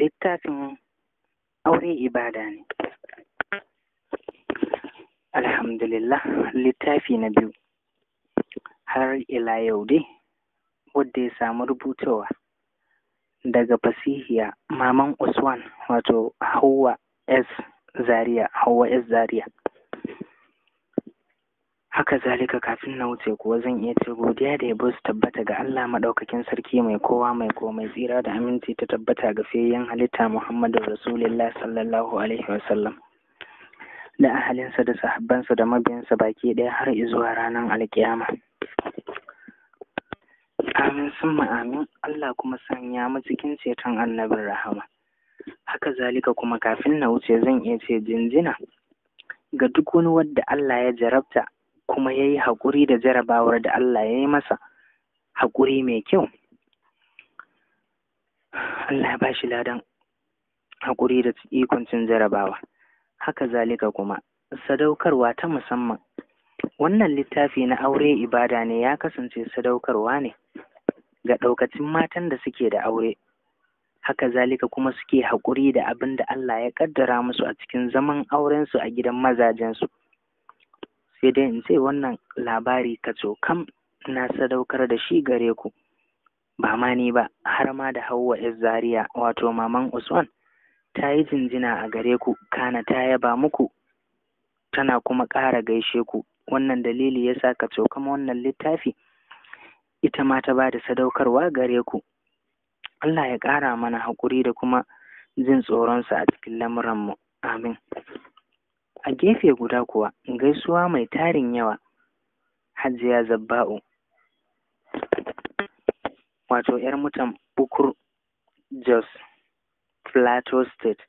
littafin aure ibada ne alhamdulillah littafi na biyu har ila yau dai wadda ya samu rubutawa daga fasihiya maman usman wato hawa s zaria hawa s zaria haka zalika kafin na wuce kuwa zan iya ce godiya da yabo su tabbata ga Allah maɗaukakin sarki mai kowa mai mai tsira da aminci ta tabbata ga fiyayyen halitta Muhammadu Rasulullah sallallahu alaihi wasallam da ahalinsa da sahabbansa da mabiyansa baki ɗaya har izuwa ranar alkiyama. Amin sun amin Allah kuma sanya mu cikin ceton annabin rahama. Haka zalika kuma kafin na wuce zan iya ce jinjina ga duk wani wadda Allah ya jarabta kuma ya yi haƙuri da jarabawar da Allah ya yi masa haƙuri mai kyau Allah ya ba shi ladan haƙuri da ikoncin jarabawa haka zalika kuma sadaukarwa ta musamman wannan littafi na aure ibada ne ya kasance sadaukarwa ne ga ɗaukacin matan da suke da aure haka zalika kuma suke haƙuri da abin da Allah ya ƙaddara musu a cikin zaman aurensu a gidan mazajensu sai dai in ce wannan labari ka kam na sadaukar da shi gare ku ba ma ni ba har ma da hauwa zaria wato maman usman ta yi jinjina a gare ku kana ta yaba muku tana kuma ƙara gaishe ku wannan dalili ya sa kacokam wannan littafi ita ma ta ba da sadaukarwa gare ku Allah ya ƙara mana haƙuri da kuma jin tsoronsa a cikin lamuranmu amin a gefe guda kuwa gaisuwa mai tarin yawa hajiya zabba'u wato 'yar mutan bukur jos plateau state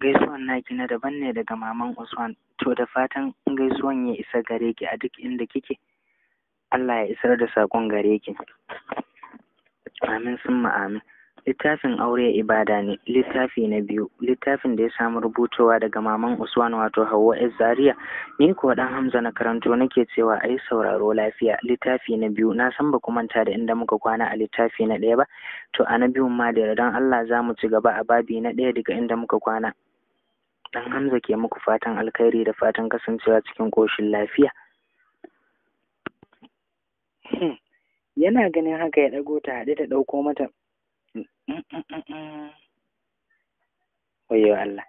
gaisuwan naki na daban ne daga maman usman to da fatan gaisuwan ya isa gare ki a duk inda kike allah ya isar da sakon gare ki amin sun amin Littafin aure ibada ne, littafi na biyu, littafin da ya samu rubutowa daga maman Usman wato Hauwa S. Zaria, ni ko dan Hamza na karanto nake cewa ai sauraro lafiya, littafi na biyu, na san ba ku manta da inda muka kwana a littafi na ɗaya ba, to a na biyun ma da yardan Allah za mu ci gaba a babi na ɗaya daga inda muka kwana. Dan Hamza ke muku fatan alkhairi da fatan kasancewa cikin koshin lafiya. Hmm. Yana ganin haka ya ɗago ta haɗe da ɗauko mata Wayo Allah.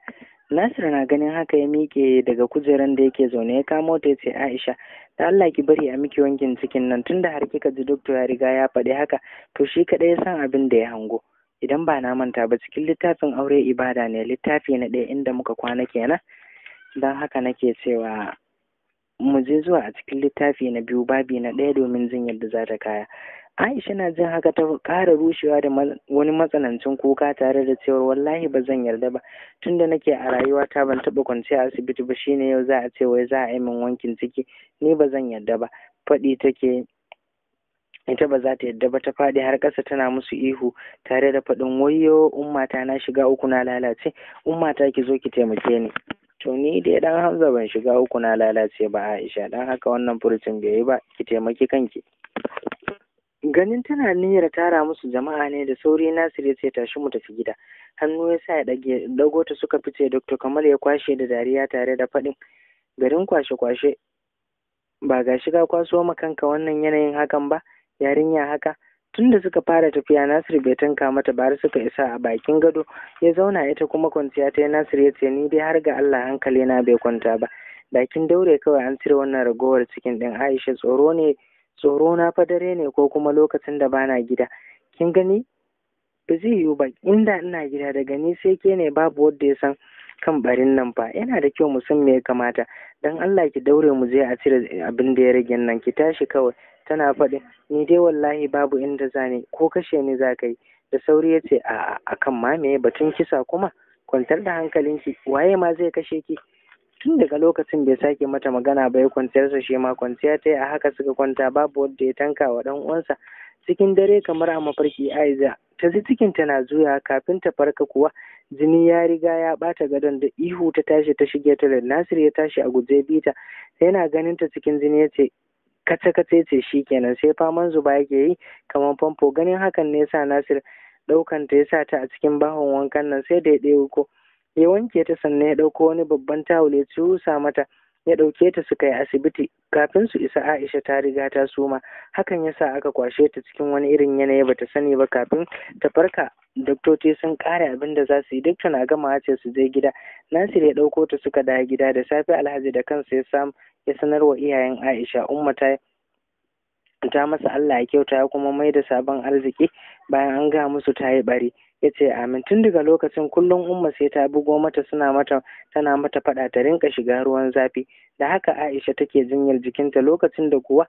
Nasiru na ganin haka ya miƙe daga kujeran da yake zaune ya kamo ta ce Aisha da Allah ki bari a miki wankin cikin nan tunda har kika ji doktor ya riga ya faɗi haka to shi kaɗai ya san abin da ya hango idan ba na manta ba cikin littafin aure ibada ne littafi na ɗaya inda muka kwana kenan don haka nake cewa mu je zuwa a cikin littafi na biyu babi na ɗaya domin jin yadda za ta kaya Aisha na jin haka ta ƙara rushewa da wani matsanancin kuka tare da cewar wallahi ba zan yarda ba tunda nake a rayuwa ta ban taɓa kwanciya asibiti ba shine yau za a ce wai za a yi min wankin ciki ni ba zan yarda ba faɗi take ita ba za ta yarda ba ta faɗi har ƙasa tana musu ihu tare da faɗin wayo ummata na shiga uku na lalace ummata ki zo ki taimake ni to ni dai dan Hamza ban shiga uku na lalace ba Aisha dan haka wannan furucin bai yi ba ki taimaki kanki Ganin tana niyyar tara musu jama'a ne da sauri Nasir ya ce tashi mu tafi gida. Hannu ya sa ya ɗago ta suka fice Dr. Kamal ya kwashe da dariya tare da faɗin garin kwashe-kwashe ba ga shiga kwaso ma kanka wannan yanayin hakan ba yarinya haka tunda suka fara tafiya Nasiru bai tanka mata ba har suka isa a bakin gado ya zauna ita kuma kwanciya ta Nasir ya ce ni dai har ga Allah hankali na bai kwanta ba. Bakin daure kawai an cire wannan ragowar cikin ɗin Aisha tsoro ne tsoro na fa dare ne ko kuma lokacin da bana gida kin gani ba zai yiwu ba inda ina gida daga ni sai ke ne babu wadda ya san kan barin nan fa yana da kyau mu san me ya kamata dan Allah ki daure mu je a cire abin da ya rage nan ki tashi kawai tana faɗi ni dai wallahi babu inda zane ko kashe ni za ka yi da sauri ya ce a akan mame batun kisa kuma kwantar da hankalinki waye ma zai kashe ki tun daga lokacin bai sake mata magana ba ya kwanciyarsa shi ma kwanciya ta yi a haka suka kwanta babu wanda ya tanka wa dan uwansa cikin dare kamar a mafarki Aiza ta ji cikin tana zuya kafin ta farka kuwa jini ya riga ya bata gadon da ihu ta tashi ta shige ta da Nasir ya tashi a guje bita yana ganin ta cikin jini ya ce kace kace ce shikenan sai faman zuba yake yi kamar famfo ganin hakan ne yasa Nasir ɗaukanta ta yasa ta a cikin bahon wankan nan sai da ya ɗauko. ya wanke ta sannan ya ɗauko wani babban tawul ya cusa mata ya ɗauke ta suka yi asibiti kafin su isa aisha ta riga ta suma hakan ya sa aka kwashe ta cikin wani irin yanayi bata sani ba kafin ta farka doktoci sun kare abin da za su yi duk tana gama ce su je gida nasir ya ɗauko ta suka dawo gida da safe alhaji da kansa ya samu ya sanarwa iyayen aisha umma ta ta masa Allah ya kyauta ya kuma mai da sabon arziki bayan an ga musu ta yi bari ya ce amin tun daga lokacin kullum umma sai ta bugo mata suna mata tana mata fada ta rinka shiga ruwan zafi da haka aisha take jinyar jikinta lokacin da kuwa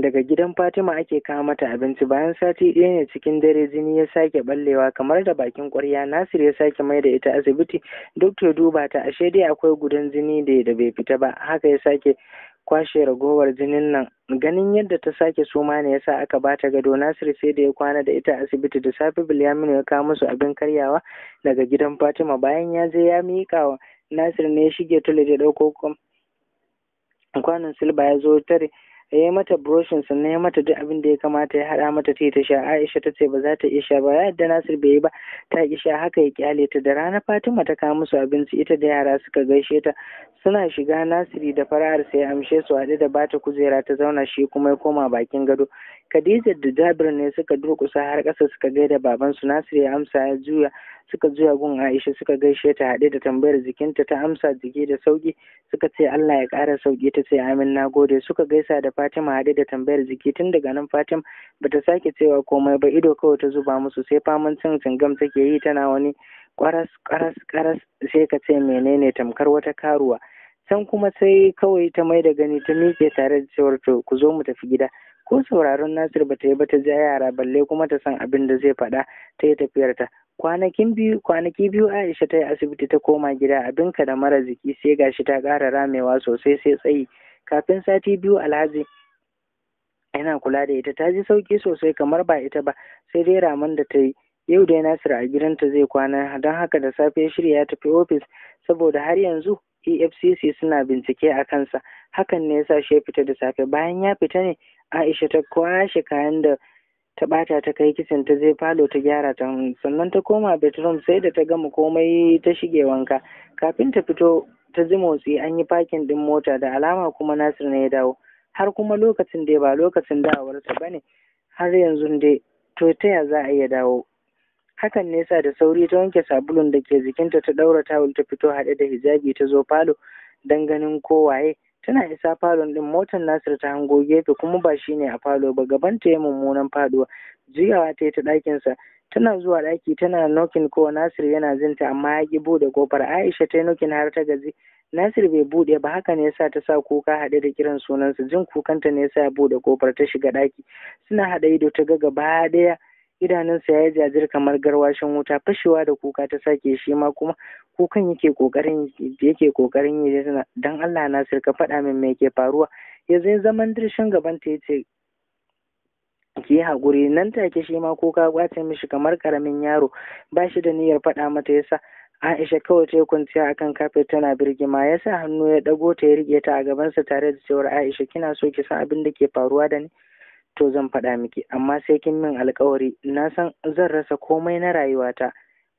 daga gidan fatima ake kawo mata abinci bayan sati ɗaya ne cikin dare jini ya sake ballewa kamar da bakin ƙwarya nasir ya sake mai da ita asibiti duk ta duba ta ashe dai akwai gudan jini da bai fita ba haka ya sake kwashe ragowar jinin nan ganin yadda ta sake suma ne yasa aka bata gado Nasiru sai da ya kwana da ita asibiti da safe Bilyaminu ya kawo musu abin karyawa daga gidan Fatima bayan ya je ya miƙa wa Nasir ne ya shige tule da ɗauko kwanon silba ya zo tare ya mata broshin sannan ya mata duk abin da ya kamata ya haɗa mata yi ta sha Aisha ta ce ba za ta iya sha ba yadda Nasir bai yi ba ta ki sha haka ya kyale ta da rana Fatima ta kawo musu abinci ita da yara suka gaishe ta suna shiga Nasiri da Fara'ar sai amshe su haɗu da bata kujera ta zauna shi kuma ya koma bakin gado Khadija da Jabir ne suka durƙusa har ƙasa suka gaida babansu. Nasir ya amsa ya juya suka zuya gun Aisha suka gaishe ta haɗe da tambayar jikinta ta amsa jiki da sauki suka ce Allah ya ƙara sauki ta ce amin na gode suka gaisa da Fatima haɗe da tambayar jiki tun daga nan Fatima bata sake cewa komai ba ido kawai ta zuba musu sai faman cin cingam take yi tana wani ƙaras ƙaras ƙaras sai ka ce menene tamkar wata karuwa can kuma sai kawai ta mai da gani ta miƙe tare da cewar to ku zo mu tafi gida ko sauraron Nasir ta yi ba ta ja yara balle kuma ta san abin da zai faɗa ta yi tafiyarta kwanakin biyu kwanaki biyu aisha ta yi asibiti ta koma gida abinka da mara jiki sai gashi ta ƙara ramewa sosai sai tsayi kafin sati biyu alhaji yana kula da ita ta ji sauki sosai kamar ba ita ba sai dai raman da ta yi yau dai nasir a gidanta zai kwana don haka da safe shirya ya tafi ofis saboda har yanzu efcc suna bincike a kansa hakan ne yasa shi ya fita da safe bayan ya fita ne aisha ta kwashe kayan da ta bata ta kai kicin ta je falo ta gyara ta sannan ta koma bedroom sai da ta gama komai ta shige wanka kafin ta fito ta ji motsi an yi fakin din mota da alama kuma Nasir ne ya dawo har kuma lokacin ya ba lokacin ta bane har yanzu dai to ta ya za a iya dawo hakan ne sa da sauri ta wanke sabulun da ke jikinta ta daura tawul ta fito haɗe da hijabi ta zo falo dan ganin ko waye Tana isa falon ɗin motar Nasir ta hango gefe kuma ba shi ne a falo ba Gaban ta ya mummunan faduwa. Juyawa ta yi ta ɗakinsa. Tana zuwa ɗaki tana nokin ko Nasir yana zinta amma ya ƙi buɗe kofar. Aisha ta yi nokin har ta gaji. Nasir bai buɗe ba haka ne yasa ta sa kuka haɗe da kiran sunansa. Jin kukanta ne yasa ya buɗe kofar ta shiga ɗaki. Suna haɗa ido ta ga gaba ɗaya idanunsa ya yi jajir kamar garwashin wuta fashewa da kuka ta sake shi ma kuma kukan yake kokarin yake kokarin yi dan Allah Nasir ka faɗa min me yake faruwa ya zai dirshin gaban ta yace ki yi haƙuri nan take shi ma kuka kwace mishi kamar karamin yaro ba shi da niyyar faɗa mata yasa Aisha kawai ta yi kwanciya akan kafet tana birgima ya sa hannu ya ɗago ta ya rike ta a gabansa tare da cewar Aisha kina so ki san abin da ke faruwa da ni to zan faɗa miki amma sai kin min alkawari na san zan rasa komai na rayuwata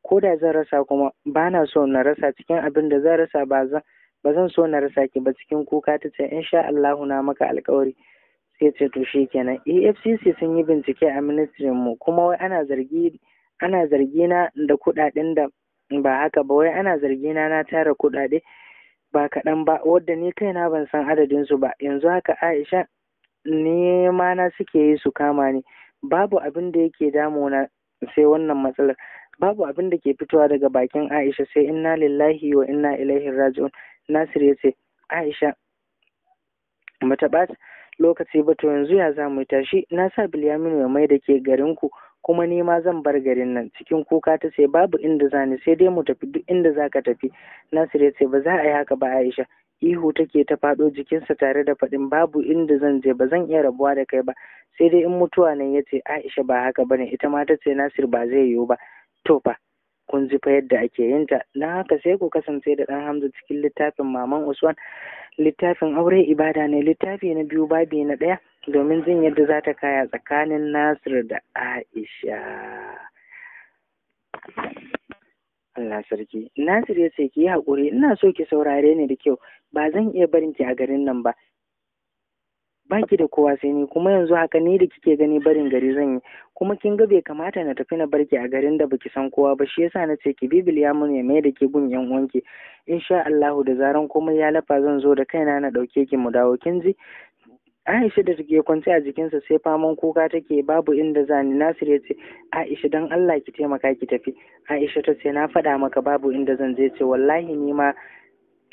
ko da zan rasa kuma ba na so na rasa cikin abin da zan rasa ba zan ba zan so na rasa ki ba cikin kuka ta ce insha Allahu na maka alƙawari sai ce to kenan afcc e sun yi bincike a ministrin mu kuma wai ana zargi ana zargi na da kuɗaɗen da ba haka ba wai ana zargi na na tara kuɗaɗe ba kaɗan ba wadda ni kaina ban san adadin su ba yanzu haka Aisha nema na suke yi su kama ni babu abin da yake damuna sai wannan matsalar babu abin da ke fitowa daga bakin Aisha sai inna lillahi wa inna ilaihi raji'un Nasir ya ce Aisha bata ɓata lokaci ba to yanzu ya za mu tashi na sa Bilyaminu ya mai da ke garin ku kuma ni ma zan bar garin nan cikin kuka ta ce babu inda za ni sai dai mu tafi duk inda za ka tafi Nasir ya ce ba za a yi haka ba Aisha ihu take ta faɗo jikinsa tare da faɗin babu inda zan je ba zan iya rabuwa da kai ba sai dai in mutuwa nan ya ce aisha ba haka bane ita ma ta ce nasir ba zai yiwu ba to fa kun ji fa yadda ake yin ta don haka sai ku kasance da ɗan hamza cikin littafin maman usman littafin aure ibada ne littafi na biyu babi na ɗaya domin jin yadda za ta kaya tsakanin nasir da aisha Allah sarki Nasir ya ce ki yi haƙuri ina so ki saurare ni da kyau ba zan iya barin ki a garin nan ba Ba ki da kowa sai ni kuma yanzu haka ni da kike gani barin gari zan yi kuma kin ga bai kamata na tafi na barki a garin da baki san kowa ba shi yasa na ce ki bibiliya mun ya mai da ke gun yan uwanki insha Allah da zaran komai ya lafa zan zo da kaina na ɗauke ki mu dawo kin ji Aisha da take kwance a jikinsa sai faman kuka take babu inda zani Nasir ya ce Aisha dan Allah ki taimaka ki tafi Aisha ta ce na faɗa maka babu inda zan je ce wallahi ni ma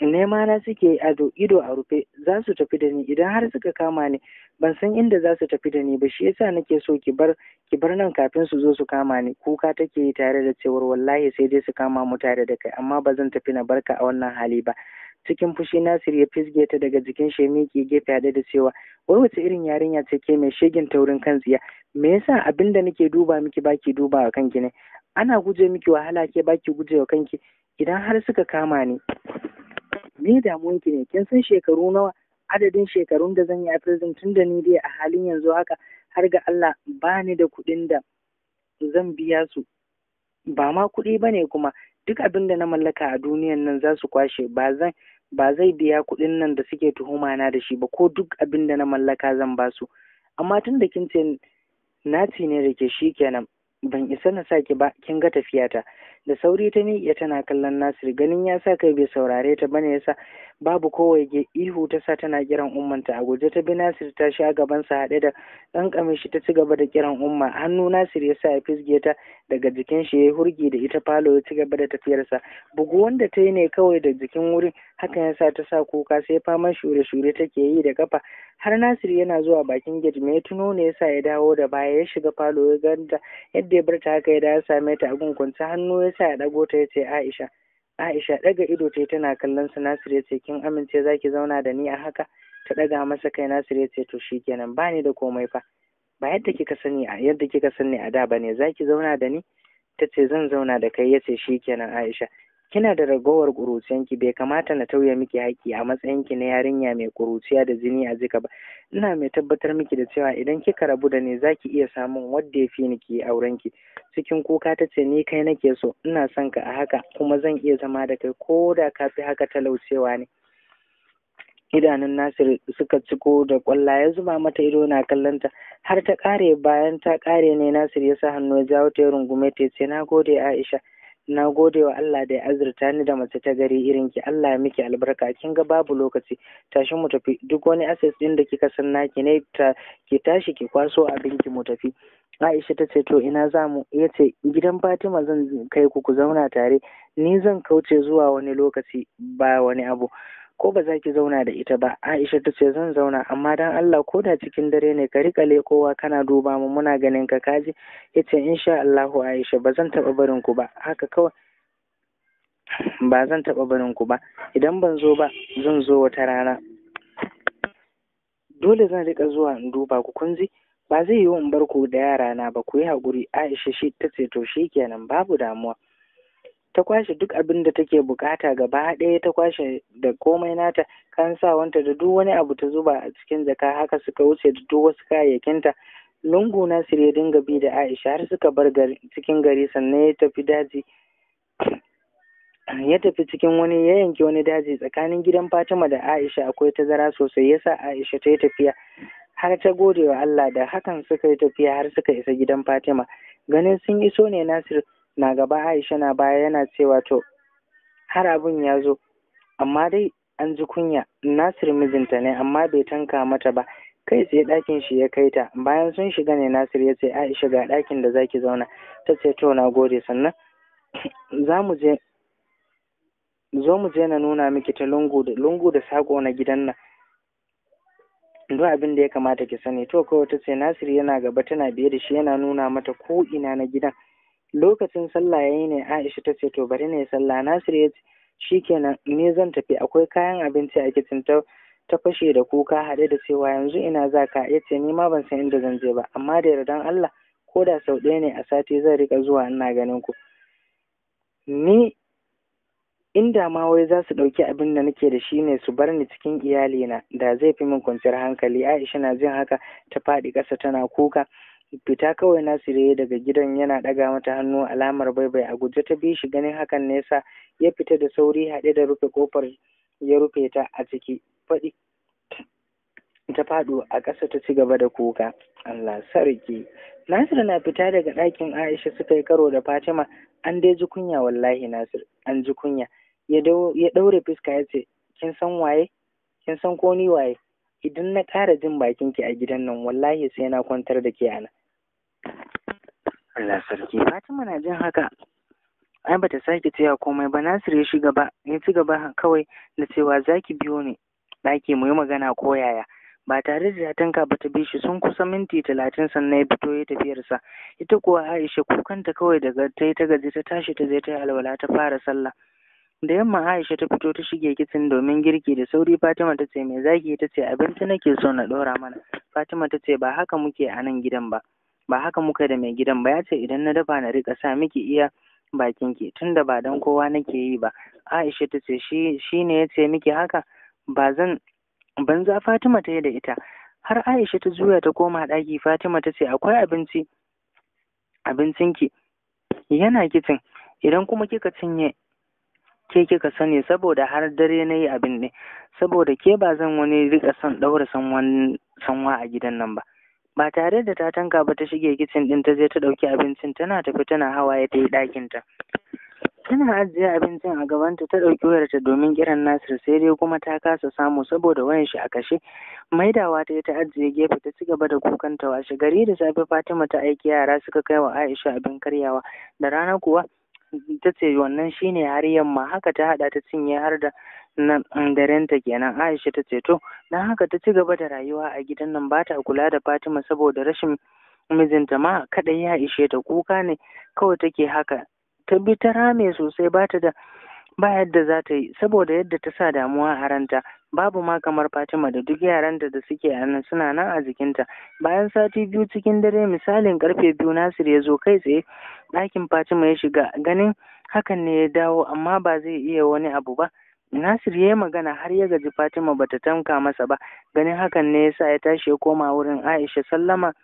nema na suke ado ido a rufe za su tafi da ni idan har suka kama ni ban san inda za su tafi da ni ba shi yasa nake so ki bar ki bar nan kafin su zo su kama ni kuka take tare da cewar wallahi sai dai su kama mu tare da kai amma ba zan tafi na barka a wannan hali ba cikin fushi Nasir ya fisge ta daga jikin shi miƙe gefe haɗe da cewa wai wace irin yarinya ce ke mai shegin taurin kan tsiya me yasa abin da nake duba miki baki duba wa kanki ne ana guje miki wahala ke baki guje wa kanki idan har suka kama ni me damuwanki ne kin san shekaru nawa adadin shekarun da zan yi a prison tun da ni dai a halin yanzu haka har ga Allah ba ni da kuɗin da zan biya su ba ma kuɗi ba ne kuma duk abin da na mallaka a duniyan nan za su kwashe ba zan ba zai biya kuɗin nan da suke tuhuma na da shi ba ko duk abin da na mallaka zan ba su amma tun da kin ce naci ne da ke shi kenan ban isa na saki ba kin ga tafiyata da sauri ta miƙe tana kallon Nasir ganin ya sa kai bai saurare ta bane yasa babu kowaye ihu ta sa tana kiran ummanta a guje ta bi Nasir ta sha gaban sa haɗe da ɗan kamishi ta ci gaba da kiran umma hannu Nasir ya sa ya fisge ta daga jikin shi ya hurgi da ita falo ya ci gaba da tafiyarsa bugu wanda ta yi ne kawai da jikin wurin hakan ya sa ta sa kuka sai faman shure-shure take yi da kafa har Nasir yana zuwa bakin gate me ya tuno ne ya sa ya dawo da baya ya shiga falo ya ganta yadda da ya bar haka ya ya same ta a gungunta hannu ya sa ya ɗago ta ya ce Aisha Aisha ɗaga ido ta tana kallon su Nasiru ya ce kin amince za ki zauna da ni a haka ta ɗaga masa kai Nasiru ya ce to shi kenan ba ni da komai fa ba yadda kika sani a yadda kika sani a da bane zaki zauna da ni ta ce zan zauna da kai ya ce kenan Aisha kina da ragowar ƙuruciyanki bai kamata na tauye miki haƙƙi a matsayinki na yarinya mai ƙuruciya da jini a jika ba ina mai tabbatar miki da cewa idan kika rabu da ni zaki iya samun wadda ya fi ni ki aurenki cikin kuka ta ce ni kai nake so ina son ka a haka kuma zan iya zama da kai ko da kafi fi haka talaucewa ne idanun Nasir suka ciko da kwalla ya zuba mata ido na kallonta har ta ƙare bayan ta ƙare ne Nasir ya sa hannu ya jawo ta ya rungume ta ya ce na gode Aisha na gode wa Allah da ya azurta ni da mace ta gari irin ki Allah ya miki albarka kin ga babu lokaci tashi mu tafi duk wani assets din da kika san naki ne ta ki tashi ki kwaso abin ki mu tafi Aisha ta ce to ina za mu ya gidan Fatima zan kai ku ku zauna tare ni zan kauce zuwa wani lokaci ba wani abu ko ba za ki zauna da ita ba aisha ta ce zan zauna amma dan allah ko da cikin dare ne ka riƙa lekowa kana duba mu muna ganin ka kaji ya ce insha allahu aisha ba zan taɓa barin ku ba haka kawai ba zan taba barin ku ba idan ban zo ba zan zo wata rana dole zan rika zuwa in duba ku kunzi ba zai yiwu in bar ku da yarana ba ku yi haƙuri aisha shi ta ce to shi kenan babu damuwa ta kwashe duk abin da take bukata gaba ɗaya ta kwashe da komai nata kan sawanta da duk wani abu ta zuba a cikin jaka haka suka wuce da duk wasu kayayyakinta lungu Nasiru ya dinga bi da Aisha har suka bar cikin gari sannan ya tafi daji ya tafi cikin wani ya yanke wani daji tsakanin gidan Fatima da Aisha akwai tazara sosai yasa Aisha ta yi tafiya har ta gode wa Allah da hakan suka yi tafiya har suka isa gidan Fatima ganin sun iso ne Nasiru na gaba Aisha na baya yana cewa to har abin ya zo amma dai an ji kunya Nasir mijinta ne amma bai tanka mata ba kai tsaye ɗakin shi ya kai ta bayan sun shiga ne Nasir ya ce Aisha ga ɗakin da zaki zauna ta ce to na gode sannan za mu je zo mu je na nuna miki ta lungu da lungu da sako na gidan nan duk abin da ya kamata ki sani to kawai ta ce Nasir yana gaba tana biye da shi yana nuna mata ko ina na gidan lokacin sallah ya yi ne Aisha ta ce to bari ne sallah Nasiru ya ce kenan. ni zan tafi akwai kayan abinci a kicin ta ta fashe da kuka haɗe da cewa yanzu ina za ka ya ce ni ma ban san inda zan je ba amma da yardan Allah ko da sau ɗaya ne a sati zan rika zuwa ina ganin ku ni inda ma wai za su ɗauki abin da nake da shi ne su bar ni cikin iyalina da zai fi min kwanciyar hankali aisha na jin haka ta faɗi ƙasa tana kuka Fita kawai Nasiru ya daga gidan yana ɗaga mata hannu alamar baibai a guje ta bi shi ganin hakan ne yasa ya fita da sauri haɗe da rufe ƙofar ya rufe ta a ciki faɗi ta faɗo a ƙasa ta ci gaba da kuka. Allah sarki. Nasiru na fita daga ɗakin Aisha suka yi karo da Fatima an dai ji kunya wallahi Nasiru. an ji kunya. Ya ɗaure fuska ya ce kin san waye? Kin san ko ni waye? Idan na ƙara jin bakinki a gidan nan wallahi sai na kwantar da ke ana. Allah sarki Fatima na jin haka ai bata sake cewa komai ba Nasir ya shiga ba ya ci gaba kawai da cewa zaki biyo ne ɗaki mu yi magana ko yaya ba tare da tanka ba ta bi shi sun kusa minti talatin sannan ya fito ya tafiyarsa ita kuwa Aisha kukanta kawai daga ta yi ta gaji ta tashi ta je ta yi alwala ta fara sallah da yamma Aisha ta fito ta shige kitchen domin girki da sauri Fatima ta ce me zaki ta ce abinci nake so na ɗora mana Fatima ta ce ba haka muke a nan gidan ba ba haka muka da mai gidan ba ya ce idan na dafa na rika sa miki iya bakin ki tunda ba dan kowa nake yi ba Aisha ta ce shi ne ya ce miki haka ba zan banza Fatima ta yi da ita har Aisha ta juya ta koma ɗaki Fatima ta ce akwai abinci abincinki yana kicin idan kuma kika cinye ke kika sani saboda har dare na yi abin ne saboda ke ba zan wani rika son ɗaura sanwa a gidan nan ba ba tare da ta tanka ba ta shige kicin din ta je ta ɗauki abincin tana tafi tana hawa ya ta yi ɗakinta tana ajiye abincin a gabanta ta ɗauki wayarta domin kiran Nasir sai dai kuma ta kasa samu saboda wayan shi a kashe maidawa ta yi ta ajiye gefe ta ci gaba da kukan ta washe gari da safe Fatima ta aiki yara suka kai wa Aisha abin karyawa da rana kuwa ta ce wannan shine har yamma haka ta haɗa ta cinye har da na darenta kenan Aisha ta ce to dan haka ta ci gaba da rayuwa a gidan nan ba ta kula da Fatima saboda rashin mijinta ma kadai ya ishe ta kuka ne kawai take haka ta bi ta rame sosai ba ta da ba yadda za ta yi saboda yadda ta sa damuwa a ranta babu ma kamar Fatima da duk yaranta da suke a nan suna nan a jikinta bayan sati biyu cikin dare misalin karfe biyu Nasir ya zo kai tsaye ɗakin Fatima ya shiga ganin hakan ne ya dawo amma ba zai iya wani abu ba Nasir ya yi magana har ya gaji Fatima ba ta tamka masa ba, ganin hakan ne ya sa ya tashi ya koma wurin Aisha sallama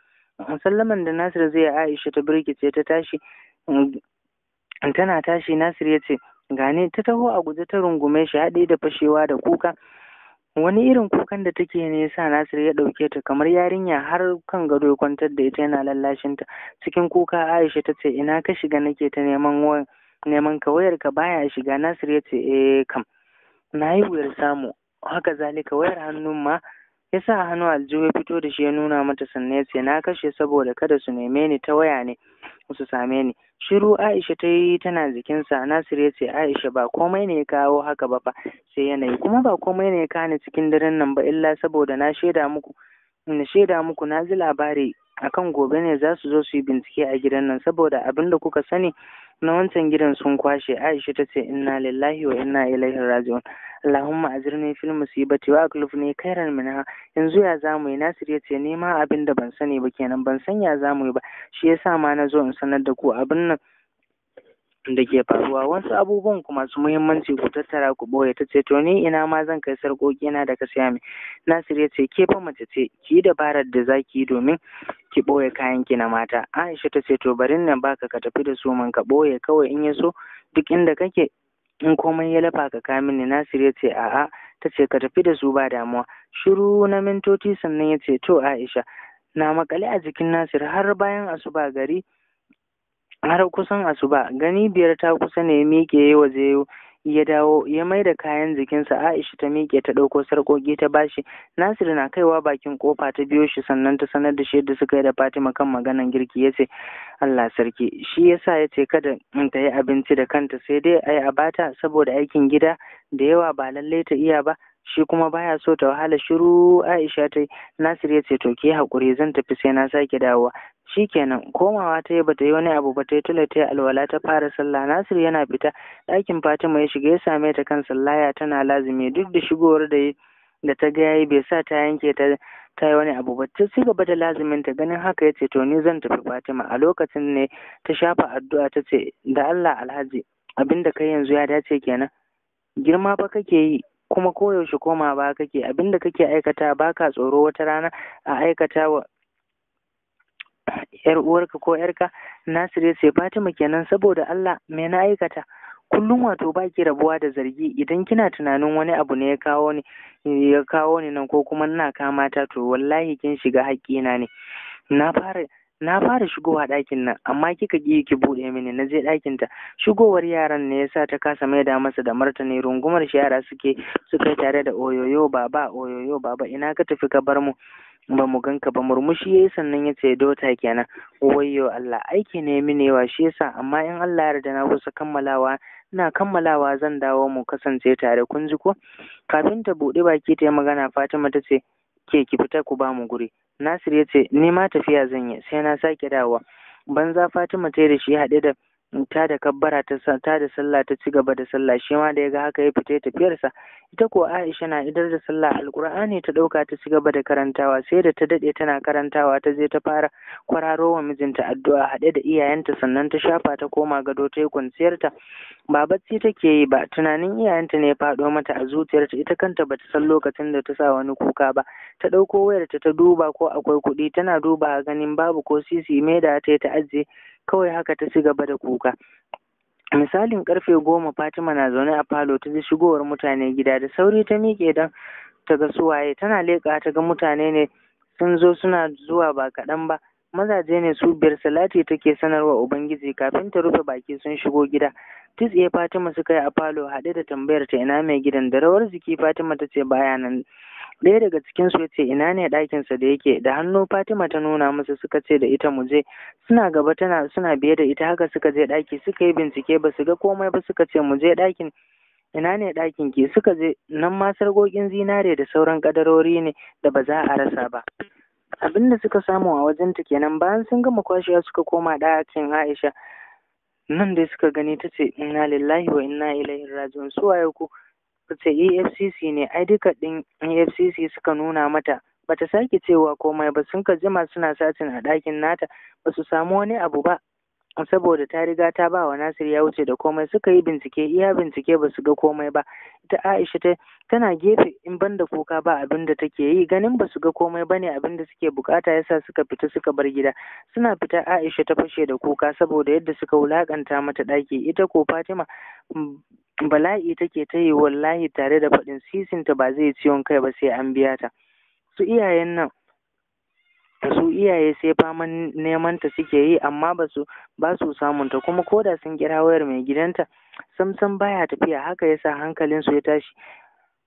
sallaman da Nasir zai yi Aisha ta birkice ta tashi mm, tana tashi Nasir ya ce gane ta taho a guje ta rungume shi haɗe da fashewa da kuka wani irin kukan da take ne ya sa Nasir ya ɗauke ta kamar yarinya har kan gado ya kwantar da ita yana lallashinta cikin kuka Aisha ta ce ina ka shiga nake ta neman neman ka wayarka baya shiga Nasir ya ce eh kam na yi wuyar samu haka zalika wayar hannun ma ya sa hannu aljihu ya fito da shi ya nuna mata sannan ya ce na kashe saboda kada su neme ni ta waya ne su same ni shiru aisha ta yi tana jikinsa nasir ya ce aisha ba komai ne ya kawo haka ba fa sai yanayi kuma ba komai ne ya kani cikin daren nan ba illa saboda na shaida muku na shaida muku na ji labari akan gobe ne za su zo su yi bincike a gidan nan saboda abin da kuka sani na wancan gidan sun kwashe Aisha ta ce inna lillahi wa inna ilaihi raji'un Allahumma ajirni fil musibati wa aklifni khairan minha yanzu ya zamu yi Nasir ya ce nema abin da ban sani ba kenan ban san ya zamu yi ba shi yasa ma na zo in sanar da ku abin nan da ke faruwa wasu abubuwan kuma masu muhimmanci ku tattara ku ɓoye. ta ce to ni ina ma zan kai sarƙoƙi na da ka siya min Nasir ya ce ke fa mace ce ki dabarar da za ki yi domin ki ɓoye kayan ki na mata Aisha ta ce to barin nan baka ka tafi da su man ka ɓoye. kawai in ya so duk inda kake in komai ya lafa ka ka mini Nasir ya ce a'a ta ce ka tafi da su ba damuwa shiru na mintoci sannan ya ce to Aisha na makale a jikin Nasir har bayan asuba gari har kusan asuba gani biyar ta kusa ne ya miƙe ya waje ya dawo ya mai da kayan jikinsa aisha ta miƙe ta ɗauko sarƙoƙi ta bashi Nasiru na kaiwa bakin ƙofa ta biyo shi sannan ta sanar da shi yadda suka yi da fatima kan maganan girki ya ce allah sarki shi ya sa ya ce kada in ta yi abinci da kanta sai dai a yi a bata saboda aikin gida da yawa ba lallai ta iya ba shi kuma baya so ta wahala shiru aisha ta yi. Nasiru ya ce to ki haƙuri zan tafi sai na sake dawowa shi kenan komawa ta yi bata yi wani abu ba ta yi tula ta yi alwala ta fara sallah Nasiru yana fita ɗakin fatima ya shiga ya same ta kan sallaya tana lazumi duk da shigowar da da ta ga yi bai sa ta yanke ta ta yi wani abu ba ta ci gaba da lazumin ta ganin haka ya ce to ni zan tafi fatima a lokacin ne ta shafa addu'a ta ce da allah alhaji Abinda kai yanzu ya dace kenan girma ba kake yi kuma koyaushe koma ba kake Abinda kake aikata baka tsoro wata rana a aikata wa yar uwarka ko yarka Nasiru ya ce Fatima kenan saboda Allah me na aikata kullum wato ba ki rabuwa da zargi idan kina tunanin wani abu ne ya kawo ni ya kawo ni nan ko kuma ina kama ta to wallahi kin shiga haƙƙina ne na fara na fara shigowa ɗakin nan amma kika ƙi ki buɗe mini na je ɗakin ta shigowar yaran ne yasa ta kasa maida masa da martani rungumar shi yara suke suka tare da oyoyo baba oyoyo baba ina ka tafi ka bar mu ba mu ganka ba murmushi yayi sannan ya ce dota kenan wayyo Allah aiki ne mini shi yasa amma in Allah ya yarda na kusa kammalawa ina kammalawa zan dawo mu kasance tare kun ji ko kafin ta buɗe baki ta yi magana Fatima ta ce ke ki fita ku ba mu guri Nasir ya ce ni ma tafiya zan yi sai na sake dawowa banza Fatima ta da shi hade da ta da kabbara ta ta da sallah ta ci gaba da sallah shi ma da ya ga haka ya fita tafiyarsa ita ko Aisha na idar da sallah alkur'ani ta dauka ta ci gaba da karantawa sai da ta dade tana karantawa ta je ta fara kwararo wa mijinta addu'a haɗe da iyayenta sannan ta shafa ta koma gado ta yi kwanciyarta ba bacci take yi ba tunanin iyayenta ne ya faɗo mata a zuciyarta ita kanta bata san lokacin da ta sa wani kuka ba ta ɗauko wayarta ta duba ko akwai kuɗi tana duba ganin babu ko sisi mai da ta ta ajiye kawai haka ta ci gaba da kuka misalin karfe goma fatima na zaune a falo ta ji shigowar mutane gida da sauri ta miƙe don ta ga suwaye tana leƙa ta ga mutane ne sun zo suna zuwa ba kaɗan ba mazaje ne su biyar salati take sanarwa ubangiji kafin ta rufe baki sun shigo gida titsiye fatima suka yi a falo haɗe da tambayar ta ina mai gidan da rawar jiki fatima ta ce baya nan ɗaya daga cikin su yace ina ne ɗakin da yake da hannu Fatima ta nuna masa suka ce da ita mu suna gaba tana suna biye da ita haka suka je ɗaki suka yi bincike ba su ga komai ba suka ce mu je ɗakin ina ne ɗakin ki suka je nan ma sarƙoƙin zinare da sauran kadarori ne da ba za a rasa ba abin da suka samu a wajen ta kenan bayan sun gama kwashewa suka koma ɗakin Aisha nan dai suka gani ta ce inna lillahi wa inna ilaihi raji'un su waye ku ta ce efcc ne ai duka ɗin efcc suka nuna mata bata sake cewa komai ba sun ka jima suna satin a ɗakin nata ba su samu wani abu ba saboda ta riga ta ba wa Nasir ya wuce da komai suka yi bincike iya bincike ba su ga komai ba ita Aisha ta tana gefe in banda kuka ba abin da take yi ganin ba su ga komai bane abin da suke bukata yasa suka fita suka bar gida suna fita Aisha ta fashe da kuka saboda yadda suka wulakanta mata daki ita ko Fatima mm, bala'i take ta yi wallahi tare da faɗin sisinta ba zai ciwon kai ba sai an biya ta su iyayen nan ta su iyaye sai faman neman ta suke yi amma ba su ba su samun ta kuma koda sun kira wayar mai gidanta samsam baya tafiya haka yasa hankalin su ya tashi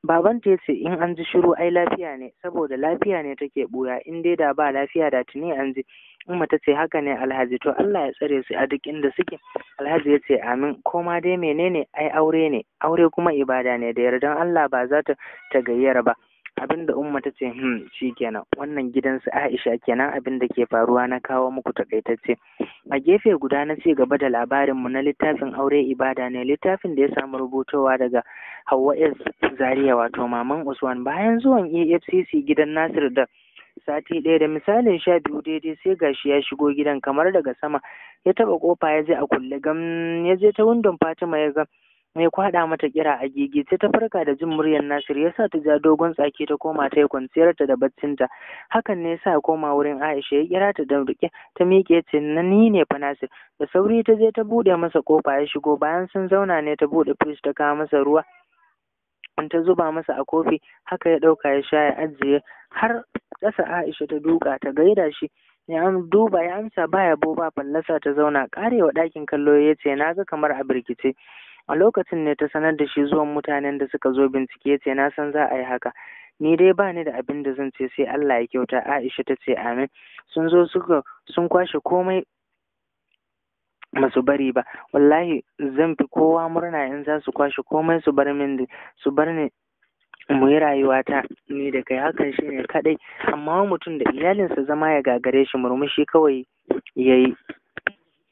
baban ta yace in an ji shiru ai lafiya ne saboda lafiya ne take buya in dai da ba lafiya da tuni an ji mata ta ce haka ne alhaji to Allah ya tsare su a duk inda suke alhaji yace amin koma dai menene ai aure ne aure kuma ibada ne da yardan Allah ba za ta gayyara ba abinda umma ta ce hmm kenan wannan gidansu aisha kenan abin da ke faruwa na kawo muku takaitacce a gefe guda na ci gaba da labarin mu na littafin aure ibada ne littafin da ya samu rubutowa daga hawa s zaria wato maman usman bayan zuwan efcc gidan nasir da sati ɗaya da misalin sha biyu daidai sai gashi ya shigo gidan kamar daga sama ya taɓa kofa ya je a kulle gam ya je ta windon fatima ya ga mai kwaɗa mata kira a gigice ta farka da jin muryar Nasir yasa ta ja dogon tsaki ta koma ta yi kwanciyar ta da baccinta hakan ne yasa koma wurin Aisha ya kira ta da rike ta miƙe ce na ni ne fa Nasir da sauri ta je ta buɗe masa kofa ya shigo bayan sun zauna ne ta buɗe fridge ta kawo masa ruwa ta zuba masa a kofi haka ya ɗauka ya sha ya ajiye har ƙasa Aisha ta duka ta gaida shi ya duba ya amsa baya yabo ba fallasa ta zauna karewa ɗakin kallo ya ce na ga kamar a birkice a lokacin ne ta sanar da shi zuwan mutanen da suka zo bincike ya ce na san za a yi haka ni dai ba ni da abin da zan ce sai Allah ya kyauta Aisha ta ce amin sun zo suka sun kwashe komai masu bari ba wallahi zan fi kowa murna in za su kwashe komai su bar min su bar ni mu yi rayuwa ni da kai hakan shi ne kaɗai amma mutum da iyalinsa zama ya gagare shi murmushi kawai ya yi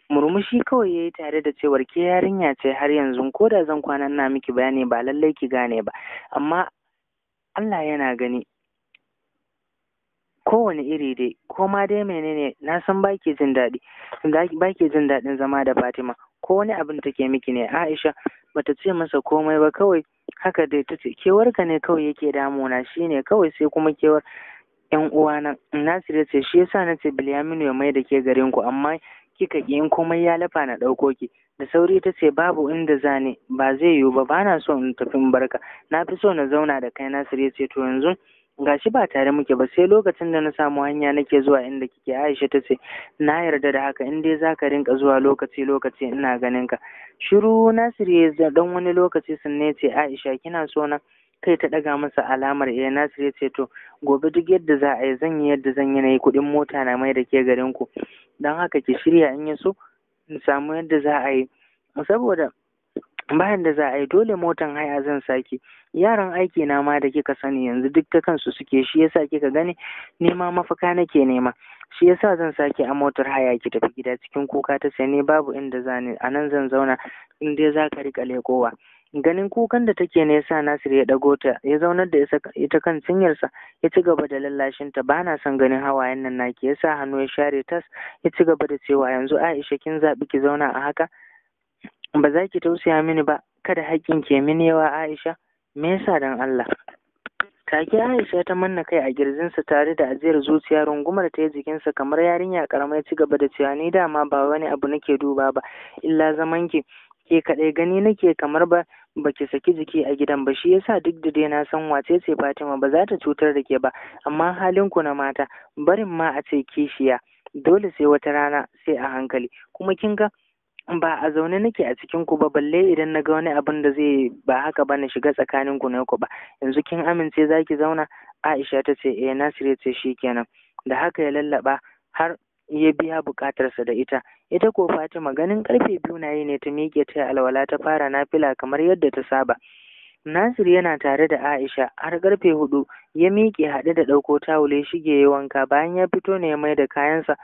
murmushi kawai yayi tare da cewar ke yarinya ce har yanzu ko da zan kwana na miki bayani ba lallai ki gane ba amma Allah yana gani kowane iri dai ko ma dai menene na san baki jin daɗi baki jin daɗin zama da Fatima ko wani abin take miki ne Aisha bata ce masa komai ba kawai haka dai tace ce ne kawai yake damuna shine kawai sai kuma kewar yan uwana Nasir ya ce shi yasa na ce Bilyaminu ya mai da ke garin amma kika ki in komai ya lafa na ɗauko ki da sauri ta ce babu inda zane ba zai yiwu ba bana so in tafi in barka na fi so na zauna da kai Nasir ya ce to yanzu gashi ba tare muke ba sai lokacin da na samu hanya nake zuwa inda kike Aisha ta ce na yarda da haka in dai za ka rinka zuwa lokaci lokaci ina ganin ka shiru Nasir ya dan wani lokaci sanne ce Aisha kina so na kai ta ɗaga masa alamar eh Nasir ya ce to gobe duk yadda za a yi zan yi yadda zan yi na yi kuɗin mota na mai da ke garin ku don haka ki shirya in yi so in samu yadda za a yi saboda bayan da za a yi dole motan haya zan sake yaran aiki na ma da kika sani yanzu duk ta kansu suke shi yasa kika gani nema mafaka nake nema shi yasa zan sake a motar haya ki tafi gida cikin kuka ta sai ne babu inda zani a nan zan zauna in dai za ka riƙa leƙowa Ganin kukan da take nesa Nasir ya ɗago ta ya zaunar da ita kan cinyarsa ya ci gaba da lallashin ta bana son ganin hawayen nan naki ya sa hannu ya share tas ya ci gaba da cewa yanzu Aisha kin zaɓi ki zauna a haka ba za ki tausaya mini ba kada haƙƙin ke mini yawa Aisha me yasa dan Allah take Aisha ta manna kai a girjinsa tare da ajiyar zuciya rungumar ta jikinsa kamar yarinya karamai ci gaba da cewa ni dama ba wani abu nake duba ba illa zamanki ke kaɗai gani nake kamar ba baki saki jiki a gidan ba shi yasa duk da dai na san wace ce Fatima ba za ta cutar da ke ba amma halin ku na mata barin ma a ce kishiya dole sai wata rana sai a hankali kuma kin ga ba a zaune nake a cikin ku ba balle idan na ga wani abin da zai ba haka ba na shiga tsakanin ku na ku ba yanzu kin amince zaki zauna Aisha ta ce eh Nasir ya ce shikenan da haka ya lallaba har ya biya bukatarsa da ita ita ko Fatima ganin karfe biyu na yi ne ta miƙe ta alwala ta fara nafila kamar yadda ta saba Nasir yana tare da Aisha har karfe hudu ya miƙe haɗe da ɗauko tawule shige ya wanka bayan ya fito ne ya mai da kayansa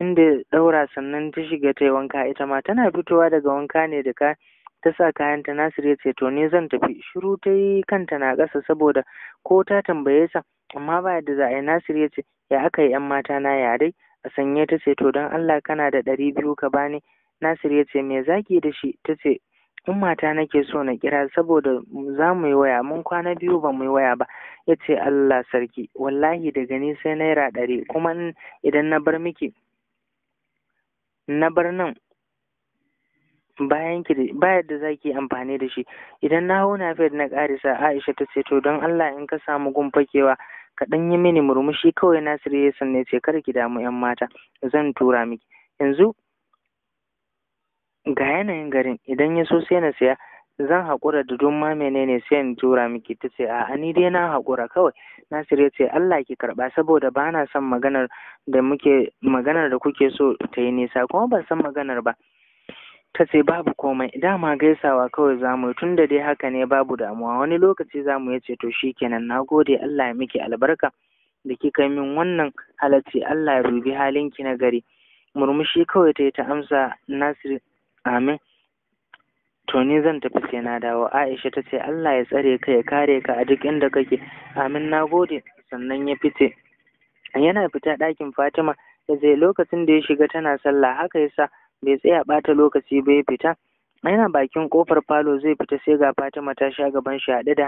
inda ya ɗaura sannan ta shiga ta wanka ita ma tana fitowa daga wanka ne da ta sa kayanta Nasir ya ce to ne zan tafi shiru ta yi kanta na ƙasa saboda ko ta tambaye sa amma ba da za a yi Nasir ya ce ya aka yi 'yan mata na ya dai a sanye ta ce to don Allah kana da ɗari biyu ka bani Nasir ya ce me zaki da shi ta ce in mata nake so na kira saboda za mu yi waya mun kwana biyu ba mu yi waya ba ya ce Allah sarki wallahi daga ni sai naira ɗari kuma idan na bar miki na bar nan bayan ki ba za ki amfani da shi idan na hau na fed na karisa Aisha ta ce to don Allah in ka samu gumfakewa kaɗan yi mini murmushi kawai Nasiru ya sanne ce kar ki damu 'yan mata zan tura miki yanzu ga yanayin garin idan ya so sai na saya, zan haƙura da don ma menene sai in tura miki ta ce a'a ni dai na haƙura kawai Nasiru ya ce Allah ki karɓa saboda ba na son maganar da muke maganar da kuke so ta yi nisa kuma ban san maganar ba ta ce babu komai dama gaisawa kawai zamu yi da dai haka ne babu damuwa wani lokaci zamu mu ce to na nagode Allah ya miki albarka da kika min wannan halacci Allah ya rubi halinki na gari murmushi kawai ta yi ta amsa Nasir amin to ni zan tafi sai na dawo Aisha ta ce Allah ya tsare ka ya kare ka a duk inda kake amin na gode, sannan ya fice yana fita ɗakin Fatima ya je lokacin da ya shiga tana sallah haka yasa bai tsaya ɓata lokaci ba ya fita yana bakin kofar falo zai fita sai ga Fatima ta sha gaban shi haɗe da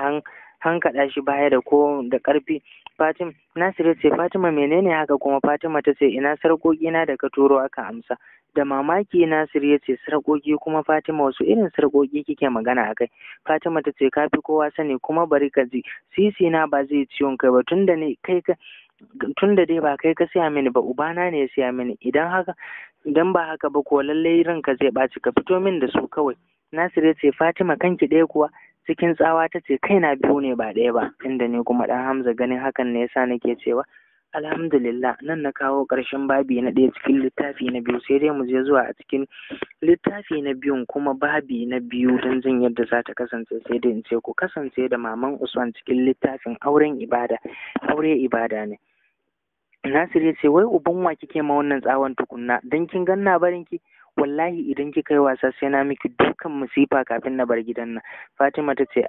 hankaɗa shi baya da ko da ƙarfi Fatim Nasiru ce Fatima menene haka kuma Fatima ta ce ina sarƙoƙi na da ka turo aka amsa da mamaki Nasiru ya ce sarƙoƙi kuma Fatima wasu irin sarƙoƙi kike magana akai Fatima ta ce kafi kowa sani kuma bari ka ji sisi na ba zai ciwon kai ba tunda ni kai ka. tun da dai ba kai ka siya mini ba ubana ne ya siya mini idan haka idan ba haka ba ko lallai ranka zai ɓaci ka fito min da su kawai Nasir ya ce Fatima kanki ɗaya kuwa cikin tsawa ta ce kaina biyu ne ba ɗaya ba inda ni kuma ɗan Hamza ganin hakan ne yasa nake cewa alhamdulillah nan na kawo ƙarshen babi na ɗaya cikin littafi na biyu sai dai mu je zuwa a cikin littafi na biyun kuma babi na biyu don jin yadda za ta kasance sai dai in ce ku kasance da maman Usman cikin littafin auren ibada aure ibada ne Nasir ya ce wai uban wa kike ma wannan tsawon tukunna dan kin ganna barin ki wallahi idan kika yi wasa sai na miki dukan masifa kafin na bar gidan nan Fatima ta ce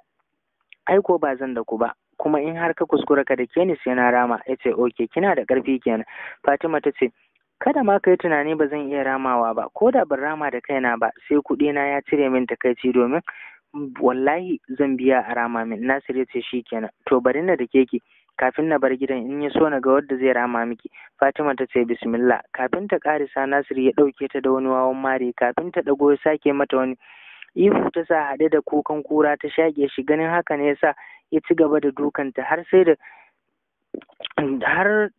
ai ko ba zan da ku ba kuma in har ka kuskura ka da ke ni sai na rama ya ce okay kina da karfi kenan Fatima ta ce kada ma ka yi tunani ba zan iya ramawa ba ko da ban rama da kaina ba sai kuɗi na ya cire min takaici domin wallahi zan biya a rama min Nasir ya ce kenan to bari na da keki kafin na bar gidan in ya so na ga wadda zai rama miki Fatima ta ce bismillah kafin ta karisa nasiru ya ɗauke ta da wani wawan mare kafin ta ɗago ya sake mata wani ihu ta sa haɗe da kukan kura ta shaƙe shi ganin haka ne yasa ya ci gaba da dukanta har sai da har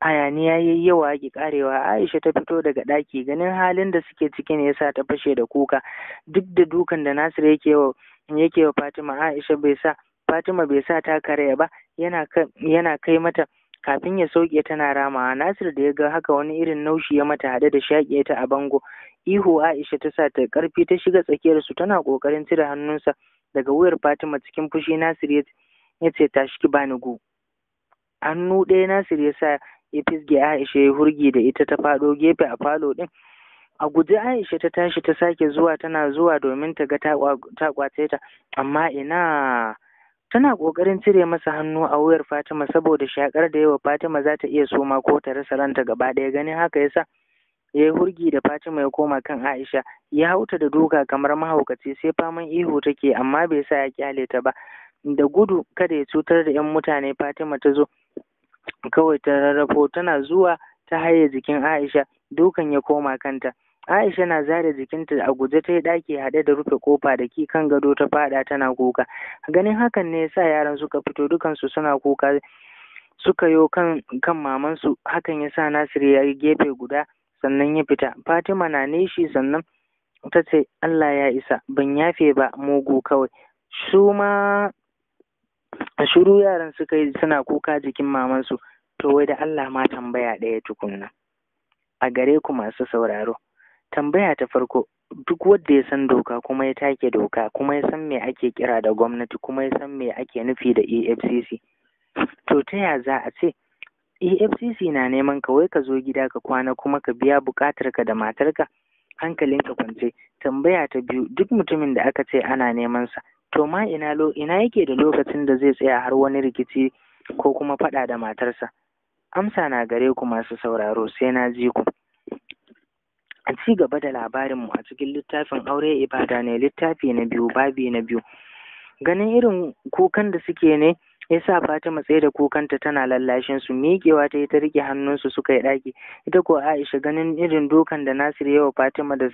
hayaniya ya yi yawa ake karewa aisha ta fito daga ɗaki ganin halin da suke ciki ne yasa ta fashe da kuka duk da dukan da Nasiru yake wa yake wa fatima aisha bai sa Fatima bai sa ta karaya ba yana yana kai mata kafin ya sauke tana ramawa Nasir da ya ga haka wani irin naushi ya mata hade da shaƙe ta a bango ihu Aisha ta sa ta ƙarfi ta shiga tsakiyar su tana ƙoƙarin cire hannunsa daga wuyar Fatima cikin fushi Nasir ya ce ta ki bani go hannu ɗaya Nasir ya sa ya fisge Aisha ya hurgi da ita ta faɗo gefe a falo ɗin a guji Aisha ta tashi ta sake zuwa tana zuwa domin ta ga ta kwace ta amma ina tana ƙoƙarin cire masa hannu a wuyar Fatima saboda shakar da yawa Fatima za ta iya soma ko ta rasa ranta gaba ɗaya ganin haka yasa ya yi hurgi da Fatima ya koma kan Aisha ya hauta da duka kamar mahaukaci sai faman ihu take amma bai sa ya kyale ta ba da gudu kada ya cutar da 'yan mutane Fatima ta zo kawai ta rarrafo tana zuwa ta haye jikin Aisha dukan ya koma kanta Aisha na zare jikinta a guje ta yi ɗaki haɗe da rufe kofa da ki kan gado ta faɗa tana kuka. Ganin hakan ne yasa yaran suka fito dukansu suna kuka suka yo kan kan mamansu hakan yasa Nasir ya yi gefe guda sannan ya fita. Fatima na nishi sannan ta ce Allah ya isa ban yafe ba mugu kawai. Su ma shiru yaran suka yi suna kuka jikin mamansu to wai da Allah ma tambaya ɗaya tukunna. A gare ku masu sauraro. Tambaya ta farko, duk wanda ya san doka kuma ya take doka kuma ya san me ake kira da gwamnati kuma ya san me ake nufi da EFCC. To ta ya za a ce EFCC na neman kawai ka zo gida ka kwana kuma ka biya bukatar ka da matarka Hankalin ka kwance. Tambaya ta biyu, duk mutumin da aka ce ana neman sa, to ma ina lo ina yake da lokacin da zai tsaya har wani rikici ko kuma faɗa da matarsa? Amsa na gare ku masu sauraro sai na ji ku. A ci gaba da labarinmu a cikin littafin aure e ibada ne littafi na biyu babi na biyu. Ganin irin kukan da suke ne ya sa Fatima tsaye da kukanta tana lallashin su miƙewa ta yi ta riƙe hannunsu suka yi ɗaki ita ko Aisha ganin irin dokan da Nasir yawa Fatima da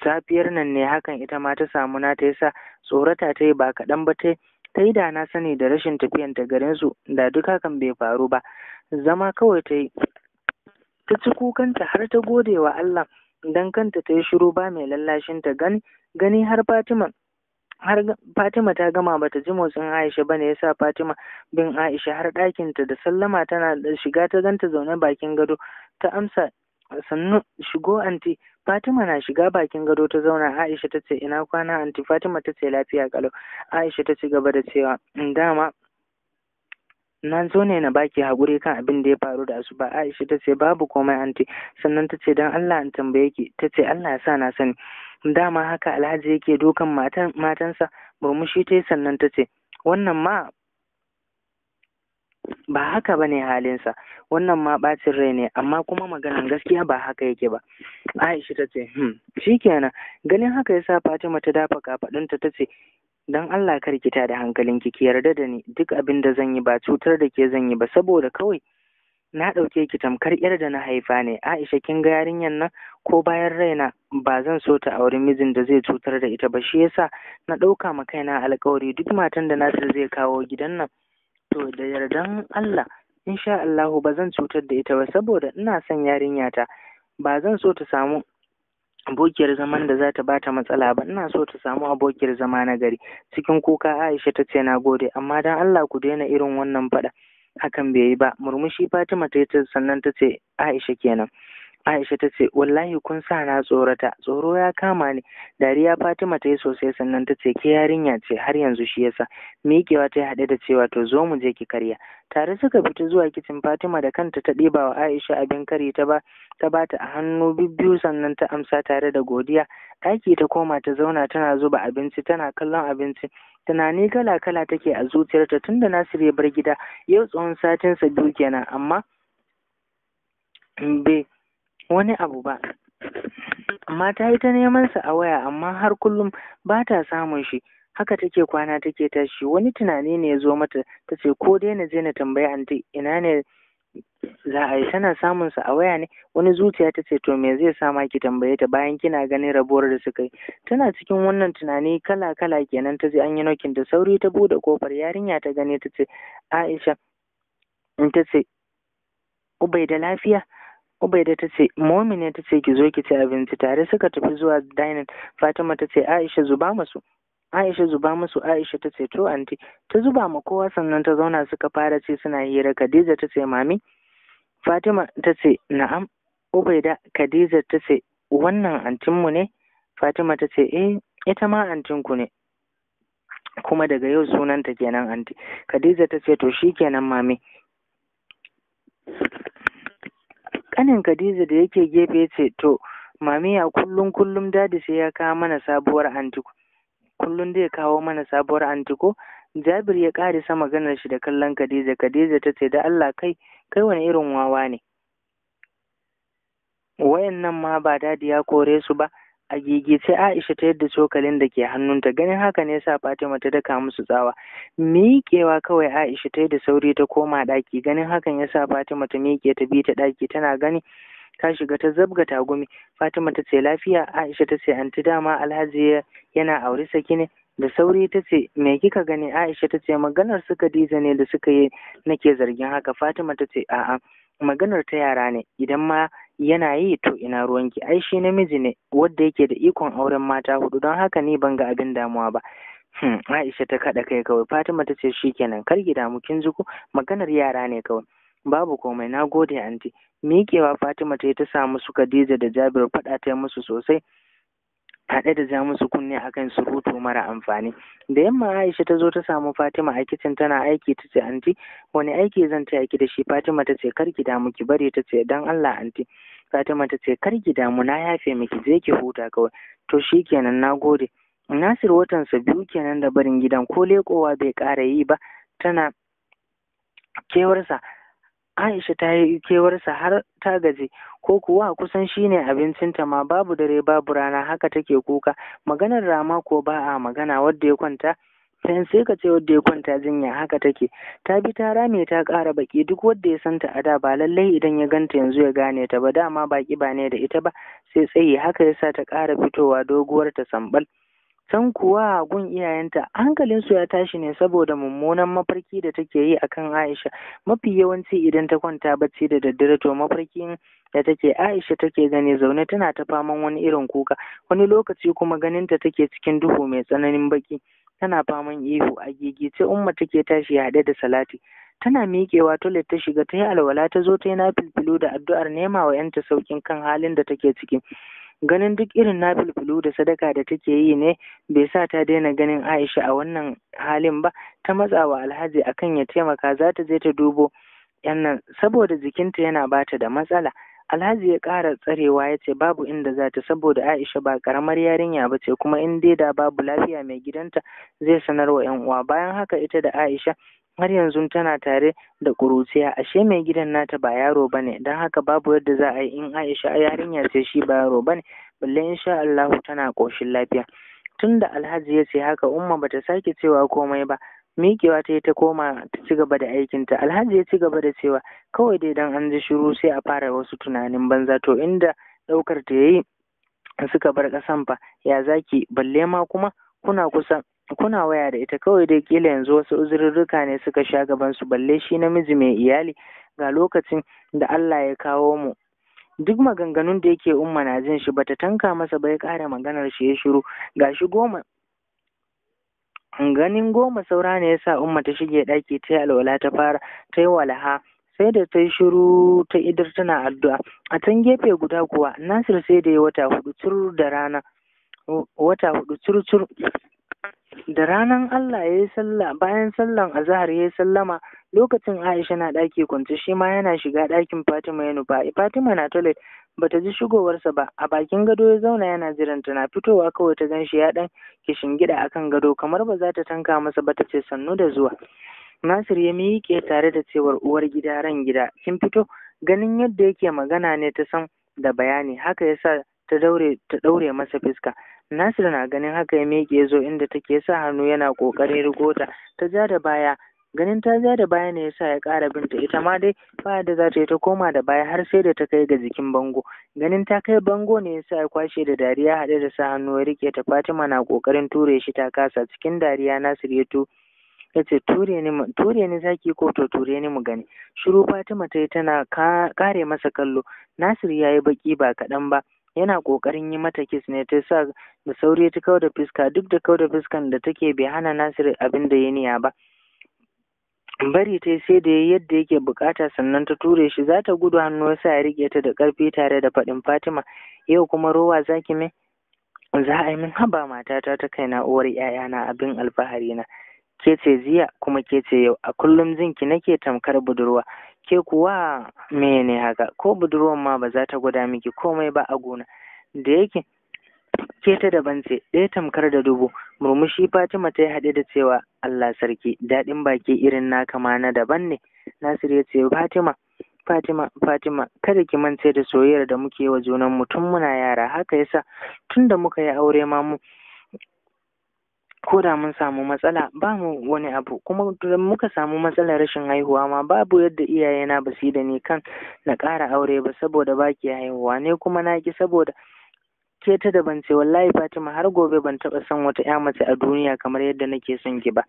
safiyar nan ne hakan ita ma ta samu nata ya sa tsorata ta yi ba kaɗan ba ta ta yi da na sani da rashin tafiyan ta garin su da duk hakan bai faru ba zama kawai ta yi ta ci kukanta har ta godewa Allah dan kanta ta yi shiru ba mai lallashin ta gani gani har Fatima har Fatima ta gama bata ji motsin Aisha bane yasa Fatima bin Aisha har ɗakinta da sallama tana da shiga ta ganta zaune bakin gado ta amsa sannu shigo anti Fatima na shiga bakin gado ta zauna Aisha ta ce ina kwana anti Fatima ta ce lafiya kalau Aisha ta ci gaba da cewa dama na zo ne na baki haƙuri kan abin da ya faru da asuba aisha ta ce babu komai anti sannan ta ce don allah an tambaye ki ta ce allah ya sa na sani dama haka alhaji yake dukan matan matansa murmushi ta yi sannan ta ce wannan ma ba haka ba ne halinsa wannan ma ɓacin rai ne amma kuma maganan gaskiya ba haka yake ba aisha ta ce hmm. shikenan ganin haka yasa fatima ta dafa kafaɗinta ta ce don Allah kar ki da hankalin ki yarda da ni duk abin da zan yi ba cutar da ke zan yi ba saboda kawai na ɗauke ki tamkar yar da na haifa ne Aisha kin ga yarinyar nan ko bayan raina ba zan so ta auri mijin da zai cutar da ita ba shi yasa na ɗauka ma kaina alƙawari duk matan da Nasir zai kawo gidan nan to da yardan Allah insha Allahu ba zan cutar da ita ba saboda ina son yarinya ta ba zan so ta samu abokiyar zaman da za ta bata matsala ba ina so ta samu abokiyar zama na gari cikin kuka Aisha ta ce na gode amma dan Allah ku daina irin wannan faɗa hakan bai yi ba murmushi Fatima ta yi sannan ta ce Aisha kenan Aisha ta ce wallahi kun sa na tsorata tsoro ya kama ni dariya Fatima ta yi sosai sannan ta ce ke yarinya ce har yanzu shi yasa miƙewa ta yi haɗe da cewa to zo mu je ki karya tare suka fita zuwa kicin Fatima da kanta ta ɗiba wa Aisha abin kari ta ba ta bata a hannu bibbiyu sannan ta amsa tare da godiya ɗaki ta koma ta zauna tana zuba abinci tana kallon abinci tunani kala kala take a zuciyarta tunda Nasir ya bar gida yau tsawon satinsa biyu kenan amma bai wani abu ba amma ta yi ta neman sa a waya amma har kullum ba ta samun shi haka take kwana take tashi wani tunani ne ya zo mata ta ce ko dai na je na tambayi anti ina ne za a yi tana samun sa a waya ne wani zuciya ta ce to me zai sa ma ki tambaye ta bayan kina ganin rabuwar da suka yi tana cikin wannan tunani kala kala kenan ta je an yi nokin da sauri ta bude kofar yarinya ta gane ta ce Aisha in ta ce ubai da lafiya Ubaida ta ce momine ta ce ki zo ki ci abinci tare suka tafi zuwa dainin. Fatima ta ce Aisha zuba masu. Aisha zuba masu Aisha ta ce to anti ta zuba ma kowa sannan ta zauna suka fara ce suna hira Khadija ta ce mami Fatima ta ce na'am Ubaida Khadija ta ce wannan antinmu ne Fatima ta ce eh ita ma antinku ne kuma daga yau sunanta kenan anti Khadija ta ce to shi kenan, mami kanin Khadija da yake gefe ya ce to mami a kullum kullum dadi sai ya kawo mana sabuwar antiko kullum dai kawo mana sabuwar antiko Jabir ya karisa maganar shi da kallon Khadija Khadija ta ce da Allah kai kai wani irin wawa ne wayannan ma ba dadi ya kore su ba a gigice Aisha ta yadda cokalin da ke hannunta ganin haka ne sa Fatima ta daka musu tsawa miƙewa kawai Aisha ta da sauri ta koma ɗaki ganin hakan ya sa Fatima ta miƙe ta bi ta ɗaki tana gani ta shiga ta zabga tagumi Fatima ta ce lafiya Aisha ta ce anti dama Alhaji yana aure saki ne da sauri ta ce me kika gani Aisha ta ce maganar su Khadija ne da suka yi nake zargin haka Fatima ta ce a'a maganar ta yara ne idan ma yana yi to ina ruwanki ai shi namiji ne wanda yake da ikon auren mata huɗu, don haka ni ban ga abin damuwa ba hmm, Aisha ta kaɗa kai kawai Fatima ta ce shi shikenan kar ki damu kin ji ko maganar yara ne kawai babu komai na gode anti miƙewa Fatima ta yi ta samu su Khadija da Jabiru faɗa ta musu sosai haɗe da ja musu kunne akan surutu mara amfani da yamma Aisha ta zo ta samu Fatima a kicin tana aiki ta ce anti wani aiki zan taya ki da shi Fatima ta ce kar ki damu ki bari ta ce dan Allah anti Fatima ta ce kar ki damu na yafe miki je ki huta kawai to shi kenan na nagode Nasir watansa biyu kenan da barin gidan ko lekowa bai ƙara yi ba tana kewarsa Aisha ta yi kewarsa har ta gaji, ko kuwa kusan shi ne abincinta ma babu dare babu rana haka take kuka, maganar rama ko ba a magana wadda ya kwanta Fayan sai ka ce wadda ya kwanta jinya haka take, ta bi ta rame ta ƙara baki duk wadda ya santa a da ba lallai idan ya ganta yanzu ya gane ta ba dama baki ba ne da ita ba sai tsaye. haka yasa ta ƙara fitowa doguwar ta sambal. can kuwa gun iyayenta hankalinsu ya tashi ne saboda mummunan mafarki da take yi akan Aisha mafi yawanci idan ta kwanta bacci da daddare to mafarkin da take Aisha take gani zaune tana ta faman wani irin kuka wani lokaci kuma ganinta take cikin duhu mai tsananin baki tana faman ihu a gigice umma take tashi haɗe da salati tana miƙewa toilet ta shiga ta yi alwala ta zo ta yi na filfilo da addu'ar nema wa 'yanta saukin kan halin da take ciki ganin duk irin nafilfilu da sadaka da take yi ne bai sa ta daina ganin Aisha a wannan halin ba ta matsawa Alhaji akan ya taimaka za ta je ta dubo yan nan saboda jikinta yana bata da matsala Alhaji ya ƙara tsarewa ya ce babu inda za ta saboda Aisha ba ƙaramar yarinya ba ce kuma in dai da babu lafiya mai gidanta zai sanar wa 'yan uwa bayan haka ita da Aisha har yanzu tana tare da ƙuruciya ashe mai gidan nata ba yaro ba ne, don haka babu yadda za a yi in Aisha yarinya ce shi ba yaro ba bane balle sha Allahu tana ƙoshin lafiya tunda Alhaji ya ce haka Umma bata sake cewa komai ba miƙewa ta yi ta koma ta ci gaba da aikinta Alhaji ya ci gaba da cewa kawai dai don an ji shiru sai a fara wasu tunanin banza to inda ɗaukar ta yayi suka bar ƙasan fa ya zaki balle ma kuma kuna kusa kuna waya da ita kawai dai kila yanzu wasu uzurruka ne suka sha gaban su balle shi namiji mai iyali ga lokacin da Allah ya kawo mu duk maganganun da yake umma na jin shi bata tanka masa ba ya maganar shi ya shiru gashi goma ganin goma saura ne yasa umma ta shige daki ta yi alwala ta fara ta yi walaha sai da ta yi shiru ta idar tana addu'a a can gefe guda kuwa nasir sai da ya wata hudu tur da rana wata hudu tur tur da ranar Allah ya yi sallah bayan sallan azahar ya yi sallama lokacin Aisha na ɗaki kwance shi ma yana shiga ɗakin Fatima ya nufa Fatima na toilet bata ji shigowarsa ba a bakin gado ya zauna yana jiran na fitowa kawai ta gan shi ya ɗan kishingida kan gado kamar ba za ta tanka masa ba ta ce sannu da zuwa Nasir ya miƙe tare da cewar uwar gida ran gida kin fito ganin yadda yake magana ne ta san da bayani haka yasa ta daure ta daure masa fuska. Nasir na ganin haka ya miƙe ya zo inda take sa hannu yana ƙoƙarin rigo ta ta ja da baya ganin ta ja da baya ne yasa ya ƙara binta ita ma dai ba da za ta yi ta koma da baya har sai da ta kai ga jikin bango ganin ta kai bango ne yasa ya kwashe da dariya haɗe da sa hannu ya riƙe ta Fatima na ƙoƙarin ture shi ta kasa cikin dariya Nasir ya tu ya ce ture ni ture ni zaki ko to ture ni mu gani shiru Fatima ta yi tana kare masa kallo Nasir ya yi baki ba kaɗan ba yana kokarin yi mata kiss ne ta sa da sauri ta kau da fuska duk da kau da fuskan da take bai hana Nasir abin da ya niya ba bari ta sai da yadda yake bukata sannan ta ture shi za ta gudu hannu sa ya rike ta da karfi tare da faɗin Fatima yau kuma rowa zaki min za a yi min haba matata ta kaina uwar ‘ya'yana abin alfahari na ke ce ziya kuma ke ce yau a kullum zinki nake tamkar budurwa ke kuwa mene haka ko budurwar ma ba za ta gwada miki komai ba a gona da yake ke ta daban ce ɗaya tamkar da dubu murmushi fatima ta yi haɗe da cewa allah sarki daɗin baki irin naka ma na daban ne nasiru ya ce fatima fatima fatima kada ki mance da soyayyar da muke wa junan mu tun muna yara haka yasa tun da muka yi aure ma mu ko da mun samu matsala ba mu wani abu kuma muka samu matsalar rashin haihuwa ma babu yadda iyaye na basi da ni kan na ƙara aure ba saboda ba ki haihuwa ne kuma na ki saboda ke ta daban ce wallahi Fatima har gobe ban taɓa son wata 'ya mace a duniya kamar yadda nake son ki ba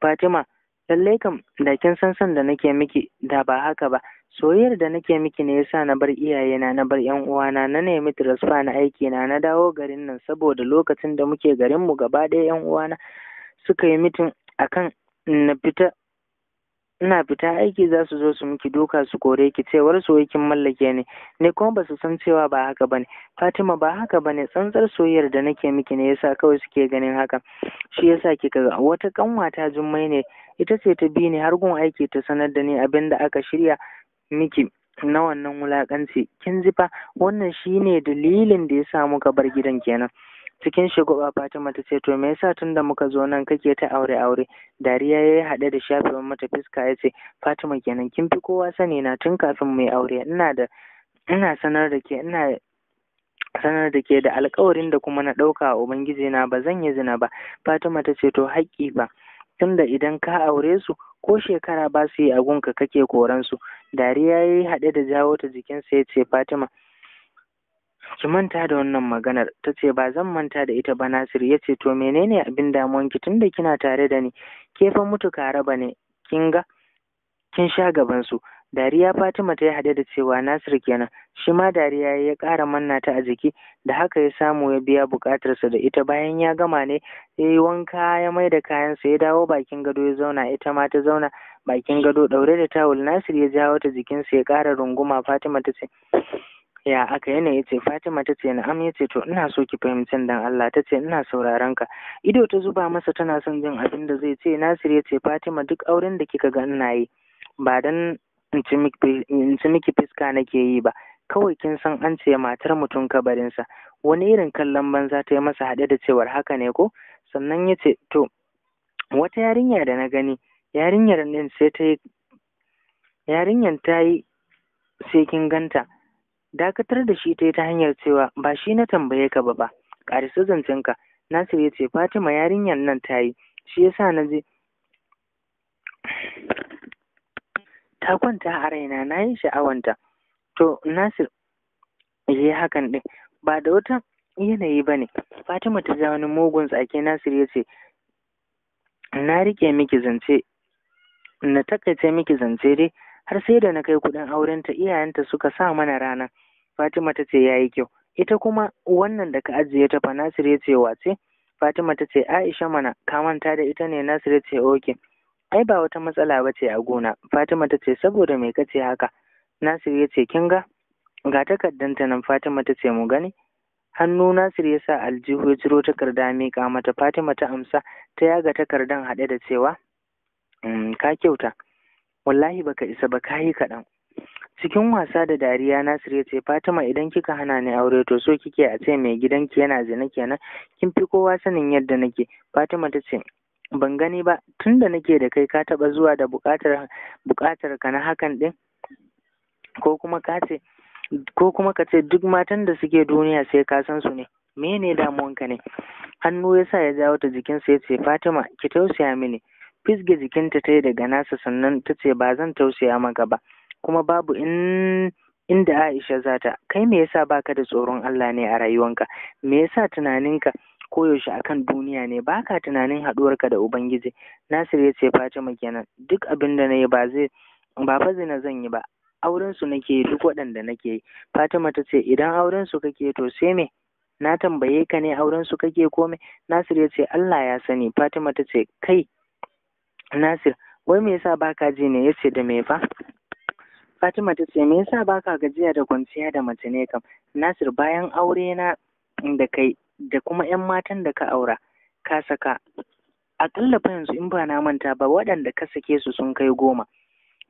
Fatima lallai kam da kin san san da nake miki da ba haka ba soyayyar da nake miki ne yasa na bar iyayena na bar yan uwana na nemi transfer na aiki na na dawo garin nan saboda lokacin da muke garin mu gaba ɗaya yan uwana suka yi mitin akan na fita ina fita aiki za su zo su miki doka su kore ki cewar soyayyen mallake ne ne kuma ba su san cewa ba haka bane Fatima ba haka bane tsantsar soyayyar da nake miki ne yasa kawai suke ganin haka shi yasa kika ga wata kanwata jummai ne ita ce ta bi ni har gun aiki ta sanar da ni abin da aka shirya miki na wannan wulakanci kin ji fa wannan shine dalilin da ya sa muka bar gidan kenan cikin shagwaba Fatima ta ce to me yasa tun da muka zo nan kake ta aure aure dariya ya yi haɗe da shafewa mata fiska ya ce Fatima kenan kin fi kowa sani na tun kafin mu yi aure ina da ina sanar da ke ina sanar da ke da alkawarin da kuma na ɗauka a Ubangiji na ba zan yi zina ba Fatima ta ce to haƙƙi ba tunda idan ka aure su ko shekara ba su yi gunka kake koransu dariya ya yi haɗe da jawo ta jikinsa ya ce Fatima ki manta da wannan maganar ta ce ba zan manta da ita ba Nasir ya ce to menene abin damuwanki tunda kina tare da ni ke fa mutu kare ba ne kin ga kin sha gaban su dariya Fatima ta yi hade da cewa Nasir kenan shi ma dariya ya kara manna ta a jiki da haka ya samu ya biya bukatarsa da ita bayan ya gama ne ya yi wanka ya mai da kayansa ya dawo bakin gado ya zauna ita ma ta zauna bakin gado ɗaure da tawul Nasir ya jawo ta jikinsa ya kara runguma Fatima ta ce ya aka yana ya ce fatima ta ce na'am ya ce to ina so ki fahimcin dan allah ta ce ina sauraron ka ido ta zuba masa tana son jin abin da zai ce nasir ya ce fatima duk auren da kika ga ina yi ba dan in ci miki fiska nake yi ba kawai kin san an ce matar mutum kabarinsa wani irin kallon banza ta yi masa haɗe da cewar haka ne ko sannan ya ce to wata yarinya da na gani yarinyar nan sai ta yi yarinyar ta yi sai kin ganta dakatar da shi ta yi ta hanyar cewa ba shi na tambaye ka ba ba ƙarisa ka!' nasir ya ce fatima yarinyar nan ta yi shi yasa na je ta kwanta a raina na yi sha'awanta to nasir ya yi hakan ɗin ba da wata yanayi ba ne fatima ta ja wani mugun tsake nasir ya ce na riƙe miki zance na takaice miki zance dai har sai da na kai kuɗin aurenta iyayenta suka sa mana rana Fatima ta ce yayi kyau ita kuma wannan da ka ajiye ta fa Nasir ya ce wace Fatima ta ce Aisha mana ka manta da ita ne Nasir ya ce oke ai ba wata matsala ba ce a gona Fatima ta ce saboda me ka ce haka Nasir ya ce kin ga ga takardanta nan Fatima ta ce mu gani hannu Nasir ya sa aljihu ya ciro takarda miƙa mata Fatima ta amsa ta yaga takardan haɗe da cewa mm, ka kyauta wallahi baka isa ba ka kayi kaɗan cikin wasa da dariya Nasir ya ce Fatima idan kika hana ni aure to so kike a ce mai gidanki yana zina kenan kin fi kowa sanin yadda nake Fatima ta ce ban gani ba tun tunda nake da kai ka taɓa zuwa da buƙatar ka na hakan ɗin ko kuma ka ce ko kuma ka ce duk matan da suke duniya sai ka san su ne mene damuwanka ne hannu ya sa ya jawo ta jikinsa ya ce Fatima ki tausaya mini fisge jikinta ta yi daga nasa sannan ta ce ba zan tausaya maka ba kuma babu in inda Aisha za ta kai me yasa baka da tsoron Allah ne a rayuwanka me yasa tunaninka koyaushe akan duniya ne baka tunanin haɗuwarka da ubangiji Nasir ya ce Fatima kenan duk abin da nayi ba zai ba fa na zan yi ba auren su nake duk waɗanda nake yi Fatima ta ce idan auren su kake to sai me na tambaye ka ne auren su kake kome Nasir ya ce Allah ya sani Fatima ta ce kai Nasir, wai me yasa baka ji ne yace da me fa? Fatima ta ce, me yasa baka gajiya da kwanciya da mace ne kam? Nasir, bayan aure na da kai da kuma 'yan matan da ka aura, ka saka. Akalla fa yanzu in ba na manta ba waɗanda ka sake su sun kai goma.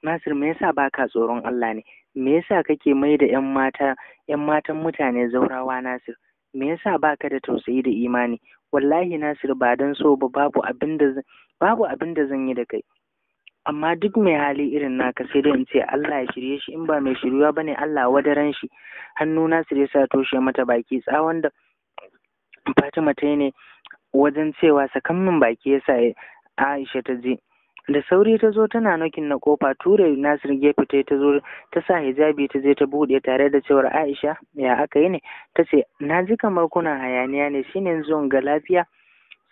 Nasir, me yasa baka tsoron Allah ne? Me yasa kake mai da 'yan mata, 'yan matan mutane zaurawa Nasir? me yasa baka da tausayi da imani wallahi Nasir ba dan so ba babu abin da babu abin da zan yi da kai amma duk mai hali irin naka sai dai in ce Allah ya shirye shi in ba mai shiryuwa bane Allah wadaran shi hannu Nasir ya sa toshe mata baki tsawon da Fatima ta yi ne wajen cewa sakan min baki yasa Aisha ta je da sauri ta zo tana nokin na kofa ture nasir gefe ta ta zo ta sa hijabi ta je ta buɗe tare da cewar aisha ya aka yi ne ta ce na ji kamar kuna hayaniya ne shine zuwan ga lafiya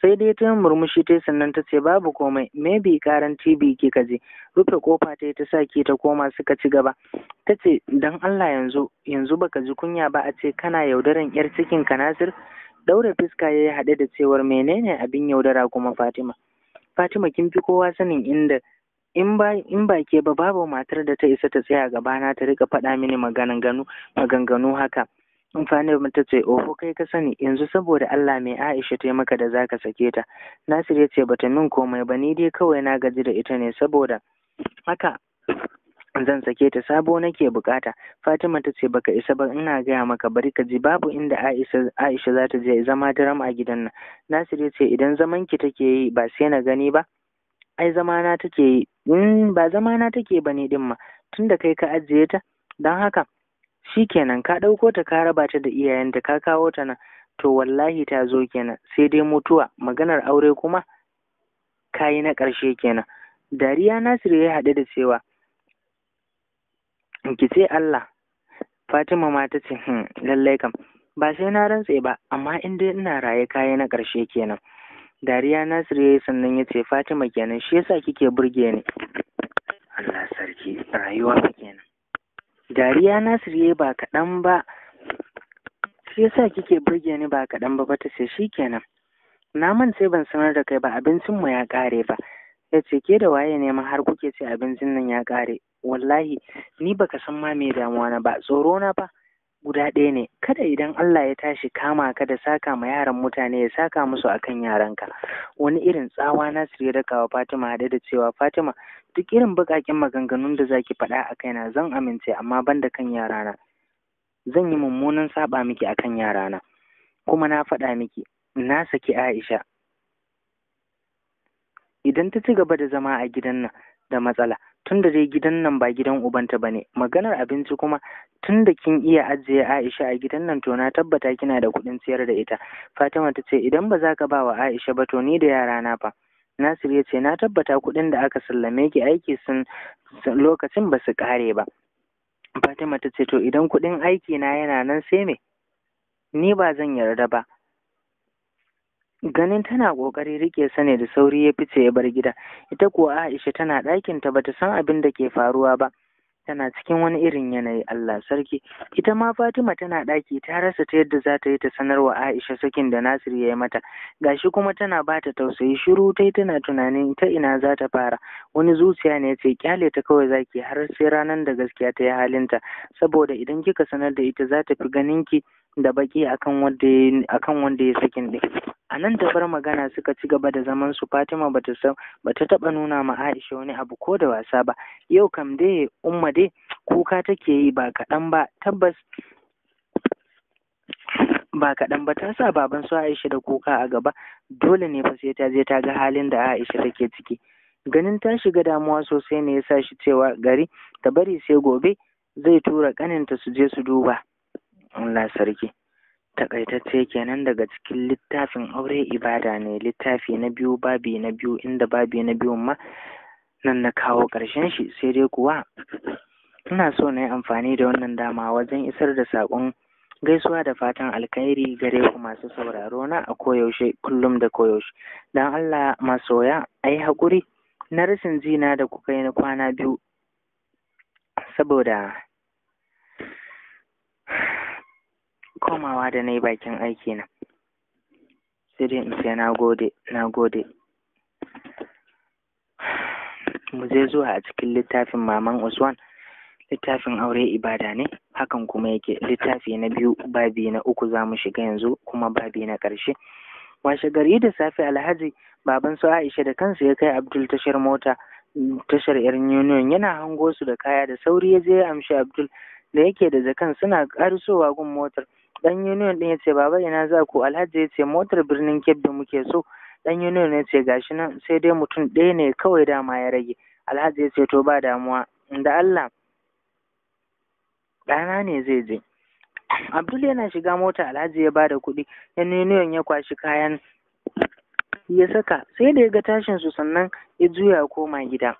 sai dai ta murmushi ta sannan ta ce babu komai maybe karan tv ka je rufe kofa ta ta sa ke ta koma suka ci gaba ta ce dan allah yanzu yanzu baka ji kunya ba a ce kana yaudaran yar cikin ka nasir daure fiska ya yi haɗe da cewar menene abin yaudara kuma fatima Fatima kin fi kowa sanin inda in ba in ba ke ba babu matar da ta isa ta tsaya gabana ta rika faɗa mini maganganu maganganu haka in fani ta ce oho kai ka sani yanzu saboda Allah mai Aisha ta maka da zaka sake ta Nasir ya ce bata min komai ba ni dai kawai na gaji da ita ne saboda haka zan sake ta sabo nake bukata fatima ta ce baka isa ba ina gaya maka bari ka ji babu inda aisha aisha za ta je zama daram a gidan nan nasir ya ce idan zaman ki take yi ba sai na gani ba ai na take yi ba mm, ba zamana take bane din ma tunda kai ka ajiye ta don haka shikenan ka ɗaukota ta ka raba ta da iyayenta ka kawo ta nan to wallahi ta zo kenan sai dai mutuwa maganar aure kuma kayi na ƙarshe kenan dariya nasir ya haɗu da cewa ki ce Allah Fatima ma ta ce hmm lallai kam ba sai na rantse ba amma in dai ina raye kaya na ƙarshe kenan dariya ya yi sannan ya ce Fatima kenan shi yasa kike burge ni Allah sarki rayuwa ba kenan dariya ya yi ba kaɗan ba shi yasa kike burge ni ba kaɗan ba ta ce shi kenan na man sai ban sanar da kai ba abincin mu ya ƙare ba. ya ce ke da waye ne har kuke ce abincin nan ya kare? wallahi ni baka san ma me damuwa na ba tsoro na ba guda ɗaya ne kada idan Allah ya tashi kama ka da saka ma yaran mutane ya saka musu akan yaranka wani irin tsawa na ya daka wa Fatima haɗe da cewa Fatima duk irin bukakin maganganun da zaki faɗa a kaina zan amince amma ban da kan yarana zan yi mummunan saba miki akan yarana kuma na faɗa miki na saki Aisha idan ta ci gaba da zama a gidan nan da matsala tun da dai gidan nan ba gidan ubanta ba ne, maganar abinci kuma tun da kin iya ajiye Aisha a gidan nan to na tabbata kina da kuɗin ciyar da ita Fatima ta ce idan ba za ka ba wa Aisha ba to ni da yara na fa Nasir ya ce na tabbata kuɗin da aka sallame ki aiki sun lokacin ba su ƙare ba Fatima ta ce to idan kuɗin aiki na yana nan sai me ni ba zan yarda ba ganin tana ƙoƙari rike sa da sauri ya fice ya bar gida ita kuwa Aisha tana ɗakin ta bata san abin da ke faruwa ba tana cikin wani irin yanayi Allah sarki ita ma Fatima tana ɗaki ta rasa ta yadda za ta yi ta sanar wa Aisha sakin da Nasir ya yi mata gashi kuma tana ba ta tausayi shiru ta yi tana tunanin ta ina za ta fara wani zuciya ne ce kyale ta kawai zaki har sai ranar da gaskiya ta yi halinta saboda idan kika sanar da ita za ta fi ganinki ki da baki akan wanda wanda ya sakin ɗin. a nan da magana suka ci gaba da zaman su Fatima bata san bata taba nuna ma Aisha wani abu ko da wasa ba yau kam dai umma dai kuka take yi ba kaɗan ba tabbas ba kaɗan ba ta sa baban su Aisha da kuka a gaba dole ne fa sai ta je ta ga halin da Aisha take ciki ganin ta shiga damuwa sosai ne ya sa shi cewa gari ta bari sai gobe zai tura kaninta su je su duba Allah sarki takaitacce kenan daga cikin littafin aure ibada ne littafi na biyu babi na biyu inda babi na biyun ma nan na kawo ƙarshen shi sai dai kuwa ina so na yi amfani da wannan dama wajen isar da saƙon gaisuwa da fatan alkhairi gare ku masu sauraro na a koyaushe kullum da koyaushe don Allah masoya a yi haƙuri na rashin zina da kuka yi na kwana biyu saboda komawa da na yi bakin aiki na sai dai in ce na gode na gode mu zai zuwa a cikin littafin maman usman littafin aure ibada ne hakan kuma yake littafi na biyu babi na uku za mu shiga yanzu kuma babi na ƙarshe washe gari da safe alhaji baban su aisha da kansu ya kai abdul tashar mota tashar yar union yana hango su da kaya da sauri ya je ya amshi abdul da yake da zakan suna karisowa gun motar dan union din ya ce baba ina za ku alhaji ya ce motar birnin kebbi muke so dan union ya ce gashi nan sai dai mutum ɗaya ne kawai dama ya rage alhaji ya ce to ba damuwa da allah ɗana ne zai je abdul yana shiga mota alhaji ya bada kuɗi dan union ya kwashi kayan ya saka sai da ya ga tashin su sannan ya juya koma gida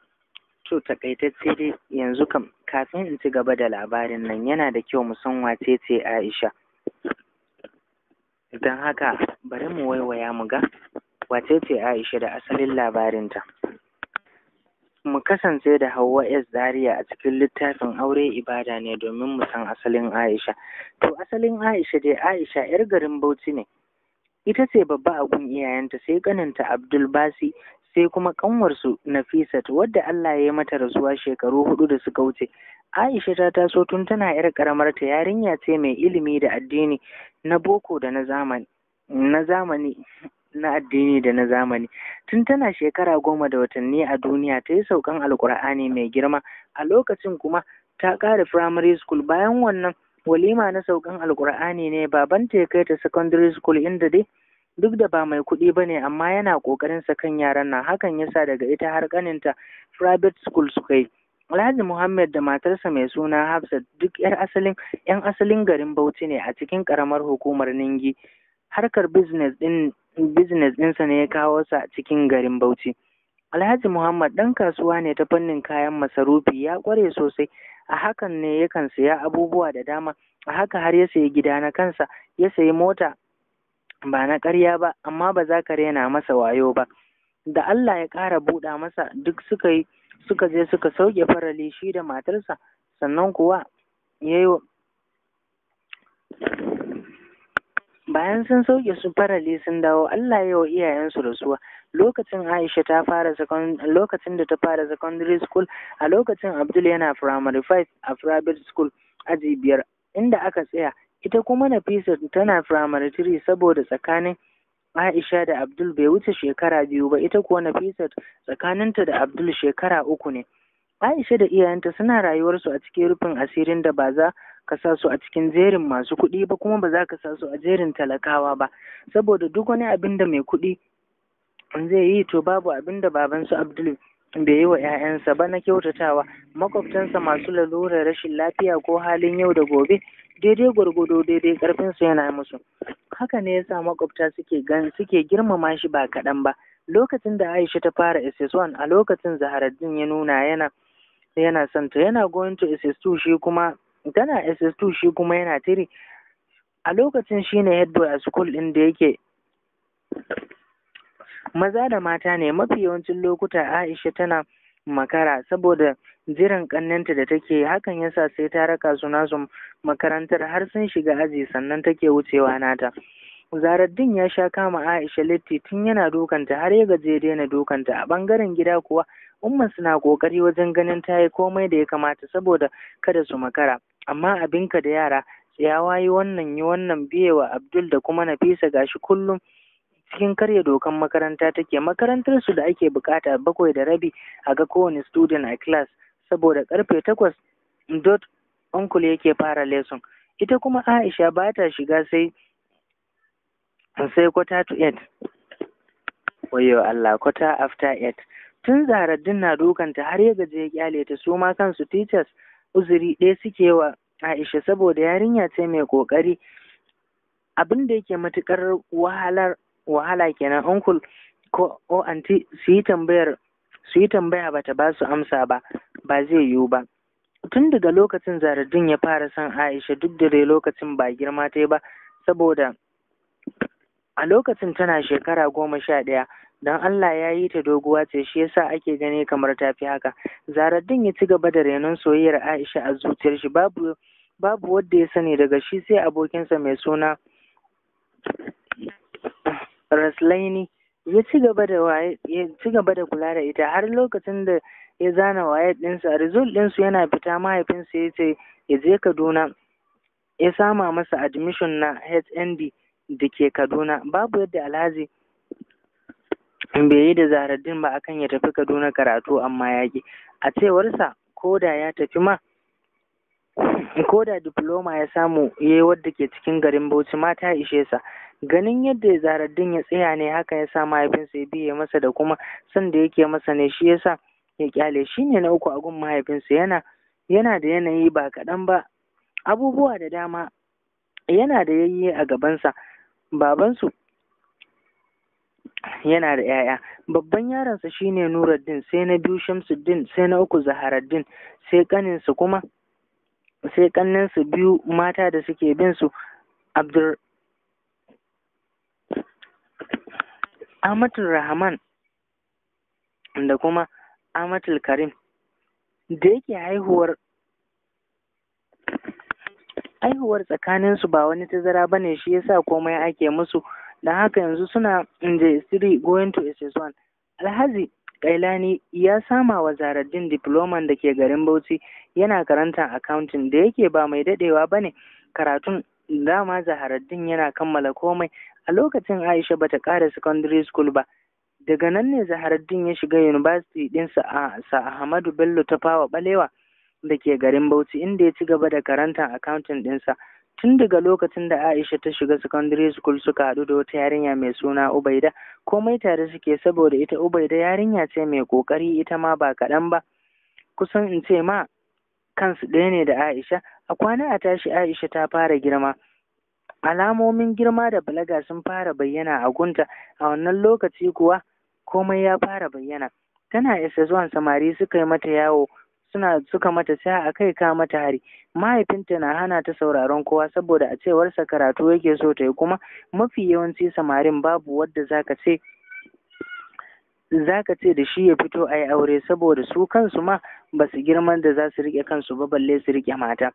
to takaitacce dai yanzu kam kafin in ci gaba da labarin nan yana da kyau mu san wace ce Aisha don haka bari mu waiwaya mu ga wace ce Aisha da asalin labarinta. Mu kasance da Hauwa S. Zaria a cikin littafin aure ibada ne domin mu san asalin Aisha. To asalin Aisha dai Aisha 'yar garin Bauchi ne. Ita ce babba a gun iyayenta sai ƙaninta Abdul Basi sai kuma ƙanwarsu Nafisat wadda Allah ya yi mata rasuwa shekaru huɗu da suka wuce Aisha ta taso tun tana 'yar karamar ta yarinya ce mai ilimi da addini na boko da na zamani na zamani na addini da na zamani tun tana shekara goma da watanni a duniya ta yi saukan alkur'ani mai girma a lokacin kuma ta ƙara firamare school bayan wannan walima na saukan alkur'ani ne babanta ya kai ta secondary school inda dai duk da ba mai kuɗi ba ne amma yana ƙoƙarin sa kan yaran nan hakan yasa daga ita har ƙaninta private school suka yi Alhaji Muhammad da matarsa mai suna Hafsat duk 'yan asalin ‘yan asalin garin Bauchi ne a cikin karamar hukumar Ningi. Harkar business din business ɗinsa ne ya kawo sa cikin garin Bauchi. Alhaji Muhammad dan kasuwa ne ta fannin kayan masarufi ya ƙware sosai a hakan ne yakan siya abubuwa da dama a haka har ya sayi gida na kansa ya sayi mota ba na ƙarya ba amma ba za ka rena masa wayo ba da Allah ya ƙara buɗa masa duk suka yi suka je suka sauke farali shi da matarsa sannan kuwa ya yi bayan sun sauke su farali sun dawo Allah ya wa iyayensu rasuwa lokacin Aisha ta fara lokacin da ta fara secondary school a lokacin Abdul yana primary 5 a private school aji biyar inda aka tsaya ita kuma Nafisa tana primary 3 saboda tsakanin Aisha da Abdul bai wuce shekara biyu ba ita kuwa Nafisat tsakaninta da Abdul shekara uku ne. Aisha da iyayenta suna rayuwarsu a cikin rufin asirin da ba za ka sa su a cikin jerin masu kuɗi ba kuma ba za ka sa su a jerin talakawa ba saboda duk wani abin da mai kuɗi zai yi to babu abin da babansu Abdul bai yi wa 'ya'yansa ba na kyautatawa makwabtansa masu lalurar rashin lafiya ko halin yau da gobe daidai gwargwado daidai ƙarfinsu yana musu haka ne yasa makwabta suke gan suke girmama shi ba kaɗan ba lokacin da aisha ta fara ss1 a lokacin zaharaddin ya nuna yana yana son ta yana going to ss2 shi kuma tana ss2 shi kuma yana tiri a lokacin shine headboy a school din da yake maza da mata ne mafi yawancin lokuta Aisha tana makara saboda jiran ƙannenta da take hakan yasa sai ta raka su nasu makarantar har sun shiga aji sannan take wucewa nata zarar din ya sha kama Aisha Litti tun yana dukanta har ya gaje daina dukanta a bangaren gida kuwa umma suna kokari wajen ganin ta yi komai da ya kamata saboda kada su makara amma abinka da yara ya wayi wannan yi wannan biyewa Abdul da kuma Nafisa gashi kullum cikin karya dokan makaranta take makarantar su da ake bukata bakwai da rabi a ga kowane student a class saboda karfe takwas dot uncle yake fara lesson ita kuma Aisha ba ta shiga sai sai kwata to eight wayo Allah kwata after eight tun din na dukanta har ya gaje ya kyale ta su ma kansu teachers uzuri ɗaya suke wa Aisha saboda yarinya ce mai kokari abin da yake matukar wahalar wahala kenan uncle ko o anti su yi tambayar su yi tambaya bata ba su amsa ba ba zai yiwu ba tun daga lokacin zaradin ya fara san aisha duk da dai lokacin ba girma ta ba saboda a lokacin tana shekara goma sha ɗaya don Allah ya yi ta doguwa ce shi yasa ake gani kamar ta fi haka zaraddin ya ci gaba da renon soyayyar Aisha a zuciyar shi babu babu wanda ya sani daga shi sai abokinsa mai suna Raslaini ya ci gaba da ya ci gaba da kula da ita har lokacin da ya zana wayar ɗinsa result ɗinsu yana fita mahaifinsa ya ce ya je Kaduna ya sama masa admission na HND da ke Kaduna babu yadda Alhaji bai yi da din ba akan ya tafi Kaduna karatu amma ya ki a cewarsa koda ya tafi ma koda diploma ya samu yayi wadda ke cikin garin Bauchi ma ta ishe sa ganin yadda din ya tsaya ne haka ya sa mahaifinsa ya biye masa da kuma san da yake masa ne shi yasa ya kyale shi ne na uku a gun mahaifinsa yana yana da yanayi ba kaɗan ba abubuwa da dama yana da yayye a gabansa babansu yana da ‘ya'ya babban yaronsa shine nuruddin sai na biyu shamsuddin sai na uku zaharaddin sai ƙaninsu kuma sai ƙanninsu biyu mata da suke bin su abdur Amatul Rahman da kuma Amatul Karim da yake haihuwar haihuwar tsakaninsu ba wani tazara ba ne shi yasa komai ake musu da haka yanzu suna j3 going to ss1 alhazi kailani ya sama wa zaraddin diploman da ke garin bauchi yana karanta accounting da yake ba mai dadewa ba ne karatun dama zaharaddin yana kammala komai a lokacin aisha bata ƙara secondary school ba daga nan ne zaharaddin ya shiga university ɗin sa ahmadu bello ta fawa balewa da ke garin bauchi inda ya ci gaba da karantar accounting ɗinsa tun daga lokacin da aisha ta shiga secondary school suka haɗu da wata yarinya mai suna ubaida komai tare suke saboda ita ubaida yarinya ce mai ƙoƙari ita ma ba kaɗan ba kusan in ce ma kansu ɗaya ne da aisha a kwana a tashi aisha ta fara girma alamomin girma da balaga sun fara bayyana a gunta a wannan lokaci kuwa komai ya fara bayyana tana isa zuwan samari suka yi mata yawo suna suka mata sa a kai ka mata hari mahaifinta na hana ta sauraron kowa saboda a cewarsa karatu yake so ta yi kuma mafi yawanci samarin babu wadda zaka ce zaka ce da shi ya fito a yi aure saboda su kansu ma ba su girman da za su riƙe kansu ba balle su riƙe mata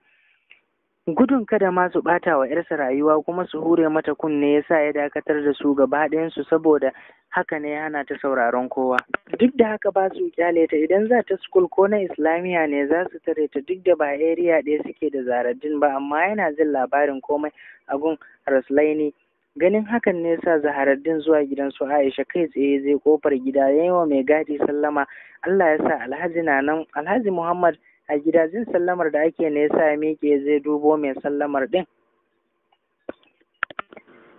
Gudun kada ma su ɓata wa ‘yarsa rayuwa kuma su hure mata kunne ya sa ya dakatar da su gaba ɗayansu saboda haka ne ya hana ta sauraron kowa. Duk da haka ba su kyale ta idan za ta skul ko na Islamiyya ne za su tare ta duk da ba area ɗaya suke da zaradin ba amma yana jin labarin komai a gun Raslaini. Ganin hakan ne sa zaharaddin zuwa gidan su Aisha kai tsaye zai kofar gida ya wa mai gadi sallama Allah ya sa Alhaji nan Alhaji Muhammad a gidajen sallamar da ake ne yasa ya miƙe zai dubo mai sallamar ɗin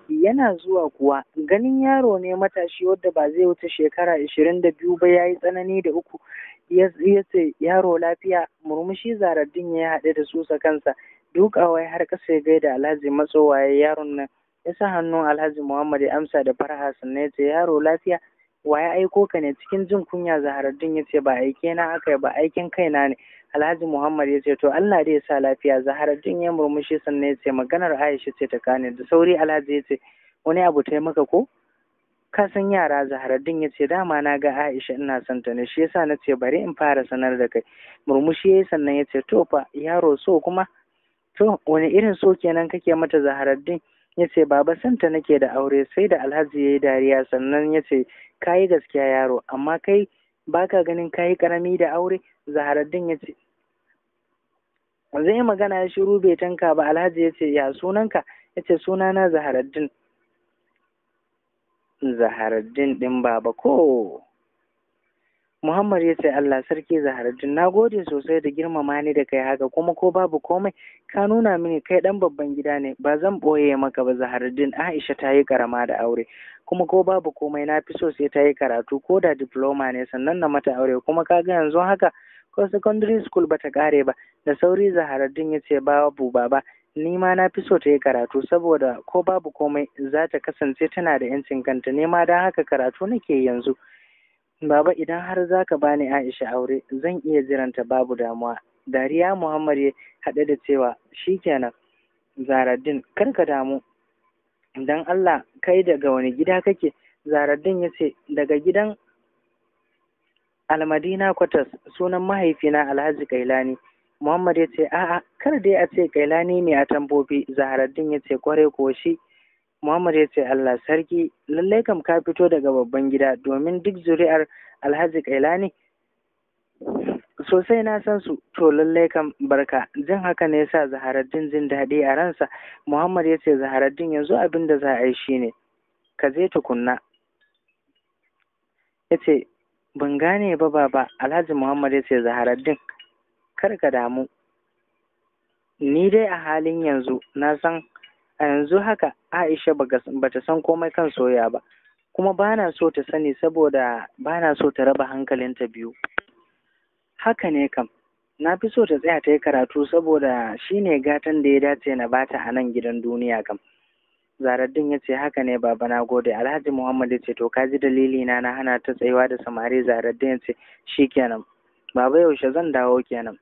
yana zuwa kuwa ganin yaro ne matashi wadda ba zai wuce shekara ashirin da biyu ba ya yi tsanani da uku ya ce yaro lafiya murmushi zarardun ya haɗe da susa kansa dukawa har ƙasa ya da alhaji matsowaye yaron nan ya sa hannun alhaji muhammad ya amsa da farha sannan ya ce yaro lafiya wa ya aiko ka ne cikin jin kunya zaharaddin ya ce ba aike na aka ba aikin kaina ne Alhaji Muhammad ya ce to Allah dai ya sa lafiya Zahara din ya murmushi sannan ya ce maganar Aisha ce ta kane da sauri Alhaji ya ce wani abu ta maka ko ka san yara Zahara din ya ce dama na ga Aisha ina son ta ne shi yasa na ce bari in fara sanar da kai murmushi ya sannan ya ce to fa yaro so kuma to wani irin so kenan kake mata Zahara din ya ce baba santa nake da aure sai da Alhaji ya yi dariya sannan ya ce kayi gaskiya yaro amma kai ba ka ganin kayi karami da aure zaharaddin ya ce zai magana ya shiru bai tanka ba alhaji ya ce ya sunanka ya ce sunana zaharaddin zaharaddin ɗin baba ko Muhammad ya ce Allah sarki zaharajin na gode sosai da girmama ni da kai haka kuma ko babu komai ka nuna mini kai dan babban gida ne ba zan boye maka ba zaharajin Aisha ta yi karama da aure kuma ko babu komai na fi so sai ta yi karatu ko da diploma ne sannan na mata aure kuma ka ga yanzu haka ko secondary school bata kare ba da sauri zaharajin ya ce babu baba ni ma na fi so ta yi karatu saboda ko babu komai za ta kasance tana da 'yancin kanta ne ma da haka karatu nake yanzu. Baba idan har za ka bani Aisha aure zan iya jiranta babu damuwa. Dariya Muhammad ya haɗe da cewa shi kenan. Zaraddin kar ka damu. Don Allah kai daga wani gida kake? Zaraddin ya ce daga gidan Almadina Kwatas sunan mahaifina Alhaji Kailani. Muhammad ya ce a'a kar dai a ce Kailani ne a tambobi Zaraddin ya ce kwarai ko shi Muhammad ya ce Allah sarki lallai kam ka fito daga babban gida domin duk zuri'ar Alhaji Kailani sosai na san su to lallai kam barka jin haka ne yasa Zaharaddin jin daɗi a ransa Muhammad ya ce Zaharaddin yanzu abin da za a yi shine ka je tukunna yace ban gane ba baba Alhaji Muhammad ya ce Zaharaddin kar ka damu ni dai a halin yanzu na san a yanzu haka Aisha bata san komai kan soya ba kuma ba na so ta sani saboda ba na so ta raba hankalinta biyu haka ne kam na fi so ta tsaya ta yi karatu saboda shi ne gatan da ya dace na bata a nan gidan duniya kam zaraddin ya ce haka ne baba na gode alhaji muhammad ya ce to kaji dalili na na hana ta tsayuwa da samari zaraddin ya ce shi kenan baba yaushe zan dawo kenan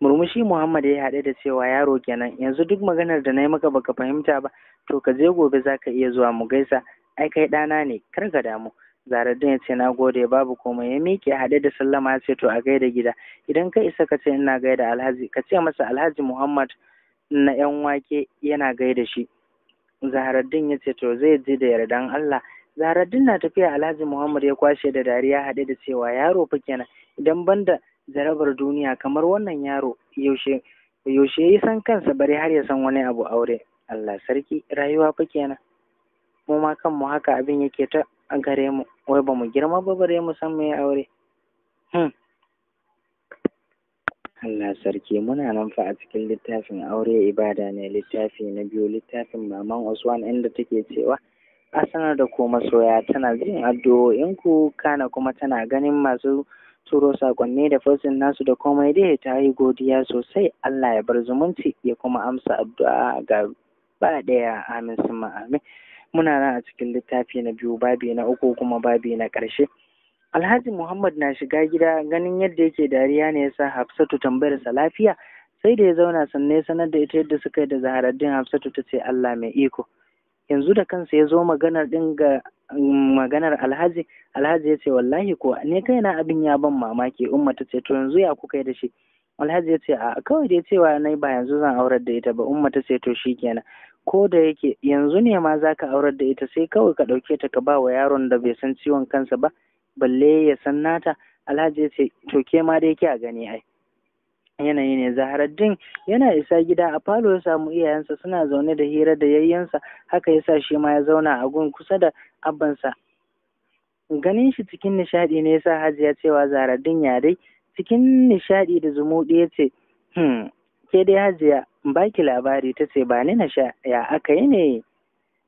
murmushi muhammad ya haɗe da cewa yaro kenan yanzu duk maganar da na yi maka baka fahimta ba to ka je gobe za ka iya zuwa mu gaisa ai kai ɗana ne kar ka damu Zaraddin ya ce na gode babu komai ya miƙe haɗe da sallama ya ce to a gaida gida idan ka isa ka ce ina gaida alhaji ka ce masa alhaji muhammad na yan wake yana gaida shi Zaharaddin ya ce to zai ji da yardan Allah Zaharaddin na tafiya alhaji muhammad ya kwashe da dariya haɗe da cewa yaro fa kenan idan banda jarabar duniya kamar wannan yaro yaushe yaushe ya san kansa bari har ya san wani abu aure Allah sarki rayuwa fa kenan mu ma kanmu haka abin yake ta a gare mu wai ba mu girma ba bare mu san me aure hmm. Allah sarki muna nan fa a cikin littafin aure ibada ne littafi na biyu littafin maman Usman inda take cewa a sanar da ko masoya tana jin addu'o'inku kana kuma tana ganin masu turo sakonni da fursun nasu da komai dai ta yi godiya sosai Allah ya bar zumunci ya kuma amsa addu'a ga ba daya amin sun ma'amin muna nan a cikin littafi na biyu babi na uku kuma babi na ƙarshe Alhaji Muhammad na shiga gida ganin yadda yake dariya ne yasa Hafsatu tambayar sa lafiya sai da ya zauna sannan ya sanar da ita yadda suka yi da Zaharaddin Hafsatu ta ce Allah mai iko yanzu da kansa ya zo maganar ɗin ga mm, maganar alhaji alhaji ya ce wallahi ko ne na abin ya ban mamaki umma ta ce to yanzu ya kuka da shi alhaji ya ce a kawai dai cewa na ba yanzu zan aurar da ita ba umma ta ce to kenan ko da yake yanzu ne ma za ka aurar da ita sai kawai ka ɗauke ta ka ba wa yaron da bai san ciwon kansa ba balle ya san nata alhaji ya ce to ke ma dai a gani ai yanayi ne zaharaddin yana isa gida a falo ya samu iyayensa suna zaune da hira da yayyensa haka yasa shi ma ya zauna a gun kusa da abbansa ganin shi cikin nishaɗi ne yasa hajiya cewa zaharaddin ya dai cikin nishaɗi da zumuɗi ya ce hmm ke dai hajiya baki labari ta ce ba ni na sha ya aka yi ne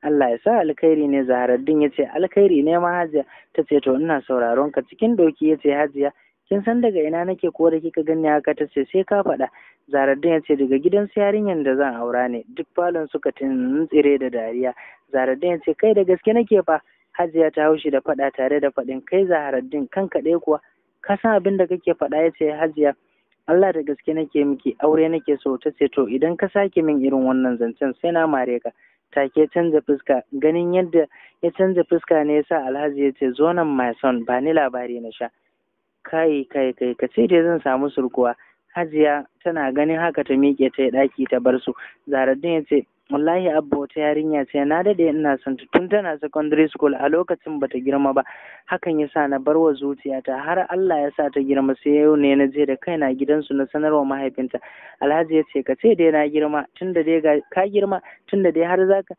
Allah ya sa alkhairi ne zaharaddin ya ce alkhairi ne ma hajiya ta ce to ina sauraron ka cikin doki ya ce hajiya kin san daga ina nake ko da kika gani haka ta ce sai ka faɗa zaraddin ya ce daga gidan su yarinyar da zan aura ne duk falon suka tsire da dariya zaraddin ya ce kai da gaske nake fa hajiya ta haushi da faɗa tare da faɗin kai zaharaddin kan kaɗai kuwa ka san abin da kake faɗa ya ce hajiya Allah da gaske nake miki aure nake so ta ce to idan ka sake min irin wannan zancen sai na mare ka take canza fuska ganin yadda ya canza fuska ne yasa alhaji ya ce zo nan my son ba ni labari na sha kai kai kai ka ce dai zan samu surkuwa hajiya tana ganin haka ta miƙe ta ɗaki ta bar su zaraddin ya ce wallahi abba wata yarinya ce na dade ina son ta tun tana secondary school a lokacin bata girma ba hakan ya sa na bar wa zuciyata har Allah ya sa ta girma sai yau ne na je da kaina gidansu na sanarwa mahaifinta Alhaji ya ce ka ce dai na girma tunda dai ka girma tunda dai har zaka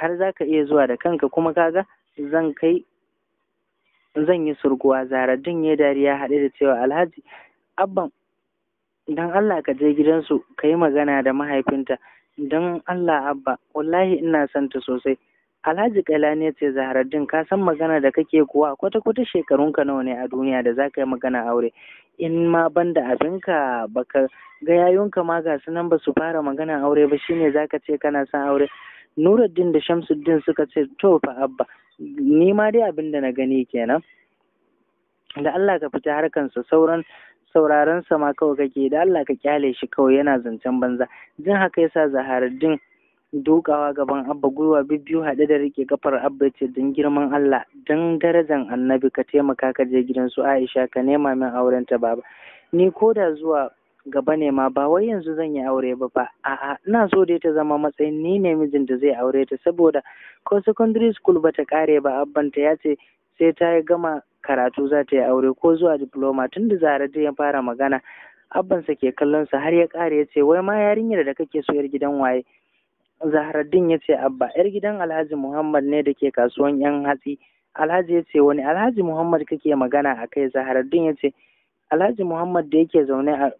har zaka iya zuwa da kanka kuma kaga zan kai zan yi surguwa, zara din ya dariya haɗe da cewa alhaji abban don allah ka je gidansu ka yi magana da mahaifinta don allah abba wallahi ina santa sosai alhaji kaila ne ce zaharaddin ka san magana da kake kuwa kwata-kwata shekarunka nawa ne a duniya da za ka yi magana aure in ma ban da abinka baka ga yayunka ma ga su nan ba su fara magana aure ba shine ka ce kana son aure Nuruddin da Shamsuddin suka ce to fa abba ni ma dai abin da na gani kenan da Allah ka fita harkansa sauran sauraron sa ma kawai kake da Allah ka kyale shi kawai yana zancen banza jin haka yasa zaharuddin dukawa gaban abba gwiwa bibbiyu haɗe da rike kafar abba ce don girman Allah don darajan annabi ka taimaka ka je gidan su Aisha ka nema min aurenta baba ni koda zuwa gaba ne ma ba wai yanzu zan yi aure ba ba a'a ina so dai ta zama matsayin ni ne mijin da zai aure ta saboda ko secondary school bata kare ba abbanta ya ce sai ta gama karatu za ta yi aure ko zuwa diploma tun da zara ya fara magana abbansa ke kallon sa har ya kare ya ce wai ma yarinyar da kake so yar gidan waye zaharaddin ya ce abba yar gidan alhaji muhammad ne da ke kasuwan yan hatsi alhaji ya ce wani alhaji muhammad kake magana a kai zaharaddin ya ce alhaji muhammad da yake zaune a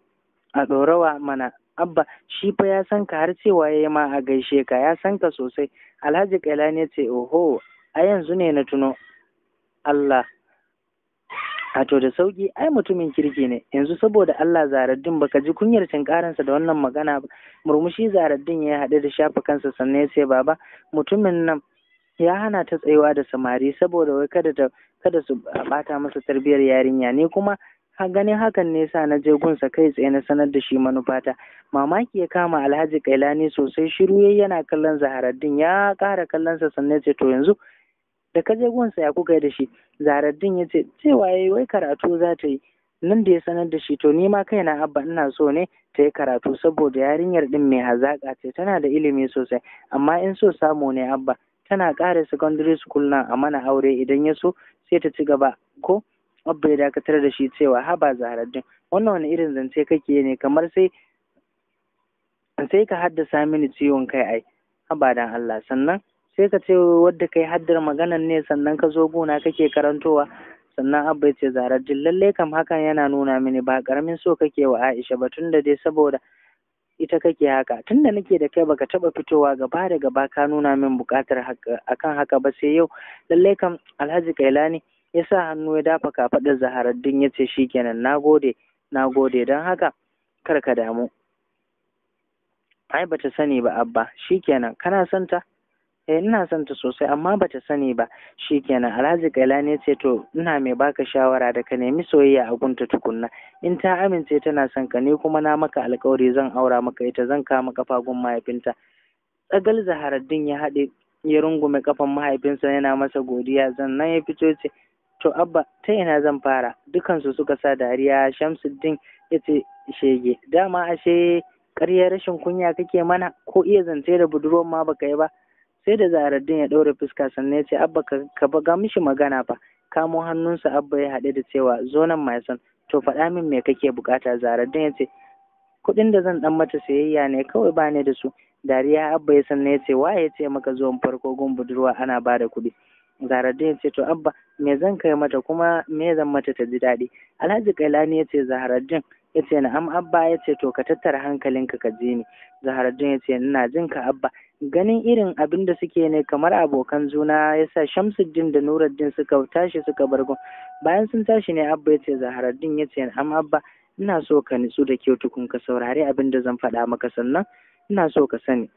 a ɗorawa mana abba shi fa ya san ka har cewa ya yi ma a gaishe ka ya san ka sosai alhaji kailani ya ce oho a yanzu ne na tuno allah a to da sauki ai mutumin kirki ne yanzu saboda allah zaraddin baka ji kunyar tinkarinsa da wannan magana ba murmushi zaraddin ya haɗu da shafa kansa sannan ya ce baba mutumin nan ya hana ta tsayuwa da samari saboda wai kada ta kada su ɓata masa tarbiyyar yarinya ne kuma ganin hakan ne sa na je gunsa kai tsaye na sanar da shi manufata mamaki ya kama alhaji kailani sosai shiru ya yana kallon zaharaddin ya ƙara kallon sannan ce to yanzu da ka je gunsa ya kuka da shi zaharaddin ya ce cewa yi wai karatu za ta yi nan da ya sanar da shi to ni ma kaina abba ina so ne ta yi karatu saboda yarinyar din mai hazaƙa ce tana da ilimi sosai amma in so samu ne abba tana ƙara sakandare school nan a mana aure idan ya so sai ta ci gaba ko Abba ya dakatar da shi cewa haba Zaharaddin wannan wani irin zance kake ne kamar sai sai ka haddasa mini ciwon kai ai haba dan Allah sannan sai ka ce wadda kai haddar maganar ne sannan ka zo gona kake karantowa sannan abba ya ce Zaharaddin lallai kam hakan yana nuna mini ba karamin so kake wa Aisha ba tunda dai saboda ita kake haka tunda nake da kai baka taba fitowa gaba da gaba ka nuna min bukatar akan haka ba sai yau lallai kam Alhaji Kailani ya sa hannu ya dafa kafaɗar zaharaddin ya ce shikenan na gode na gode don haka kar ka damu ai ba ta sani ba abba shikenan kana son ta eh ina son ta sosai amma ba ta sani ba shi kenan alhaji kailani ya ce to ina mai baka shawara da ka nemi soyayya a gunta tukunna in ta amince tana son ka ni kuma na maka alkawari zan aura maka ita zan kama kafa gun mahaifinta tsagal zaharaddin ya haɗe ya rungume kafan mahaifinsa yana masa godiya sannan ya fito ce To Abba ta ina zan fara? Dukansu suka sa dariya Shamsuddin ya ce shege. Dama ashe karya rashin kunya kake mana ko iya zance da budurwar ma baka yi ba. Sai da Zaharaddin ya ɗaure fuska sannan ya ce Abba ka baga mishi magana fa. Kamo hannunsa Abba ya haɗe da cewa zo nan mai san." To faɗa min me kake bukata Zaharaddin ya ce kuɗin da zan ɗan mata sayayya ne kawai ba da su. Dariya Abba ya sannan ya ce wa ya ce maka zuwan farko gun budurwa ana ba da kuɗi. Zaharaddin ya ce to abba me zan kai mata kuma me zan mata ta ji daɗi. Alhaji Kailani ya ce Zaharaddin ya ce na'am abba ya ce to ka tattara hankalinka ka ji ni. Zaharaddin ya ce ina jin ka abba. Ganin irin abin da suke ne kamar abokan juna ya sa Shamsuddin da Nuruddin suka tashi suka bar gun. Bayan sun tashi ne abba ya ce Zaharaddin ya ce na'am abba ina so ka nitsu da kyau tukun ka saurari abin da zan faɗa maka sannan ina so ka sani.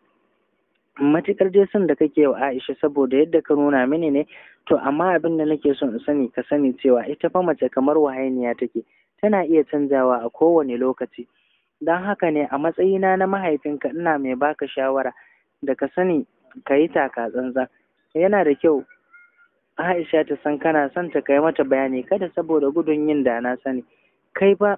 matukar dai son da kake wa Aisha saboda yadda ka nuna mini ne to amma abin da nake son in sani ka sani cewa ita fa mace kamar wahainiya take tana iya canzawa a kowane lokaci don haka ne a matsayina na mahaifinka ina mai baka shawara da ka sani ka yi taka tsantsan yana da kyau Aisha ta san kana son ta kai mata bayani kada saboda gudun yin da na sani kai ba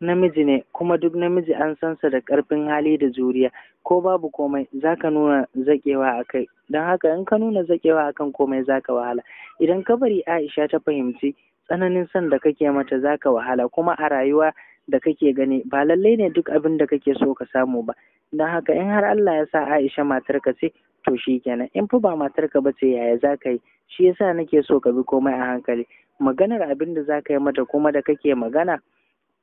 namiji ne kuma duk namiji an san sa da ƙarfin hali da juriya ko babu komai zaka nuna zakewa kai, don haka in ka nuna zakewa kan komai zaka wahala idan ka bari Aisha ta fahimci tsananin son da kake mata zaka wahala kuma a rayuwa da kake gani ba lallai ne duk abin da kake so ka samu ba don haka in har Allah ya sa Aisha matarka ce to shi kenan in fa ba matarka ba ce yaya za ka yi shi yasa nake so ka bi komai a hankali maganar abin da za ka yi mata kuma da kake magana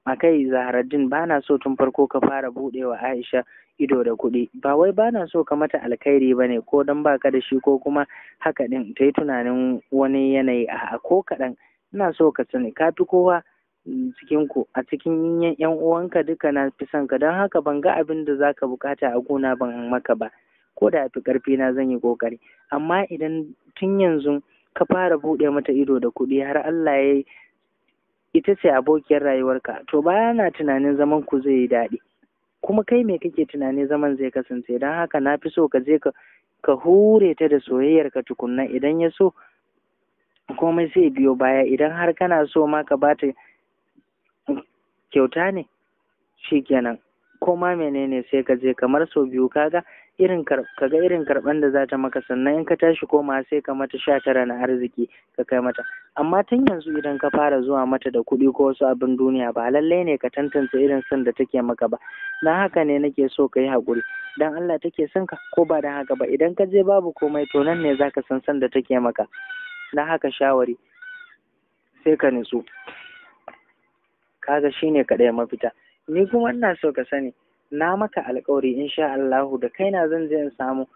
a kai zaharaddin ba na so tun farko ka fara buɗe wa aisha ido da kuɗi ba wai ba na so ka mata alkhairi ba ne ko don baka da shi ko kuma haka ɗin ta yi tunanin wani yanayi a ko kaɗan ina so ka sani ka fi kowa cikin a cikin yan uwanka duka na fi son ka don haka ban ga abin da za ka bukata a gona ban maka ba ko da fi karfi na zan yi kokari amma idan tun yanzu ka fara buɗe mata ido da kuɗi har Allah ya yi. ita ce abokiyar rayuwarka to baya na tunanin zaman ku zai yi daɗi kuma kai me kake tunanin zaman zai kasance don haka na fi so ka je ka hure ta da soyayyar ka tukunna idan ya so komai sai biyo baya idan har kana so ma ka bata kyauta ne shikenan ko ma menene sai ka je kamar sau biyu kaga irin ka ga irin karɓan da za ta maka sannan in ka tashi koma sai ka mata sha tara na arziki ka kai mata amma tun yanzu idan ka fara zuwa mata da kuɗi ko wasu abin duniya ba lallai ne ka tantance irin son da take maka ba na haka ne nake so ka yi haƙuri dan Allah take son ka ko ba dan haka ba idan ka je babu komai to nan ne za ka san son da take maka na haka shawari sai ka nutsu kaga shine kaɗai mafita ni kuma ina so ka sani na maka alƙawari insha Allahu da kaina zan je in samu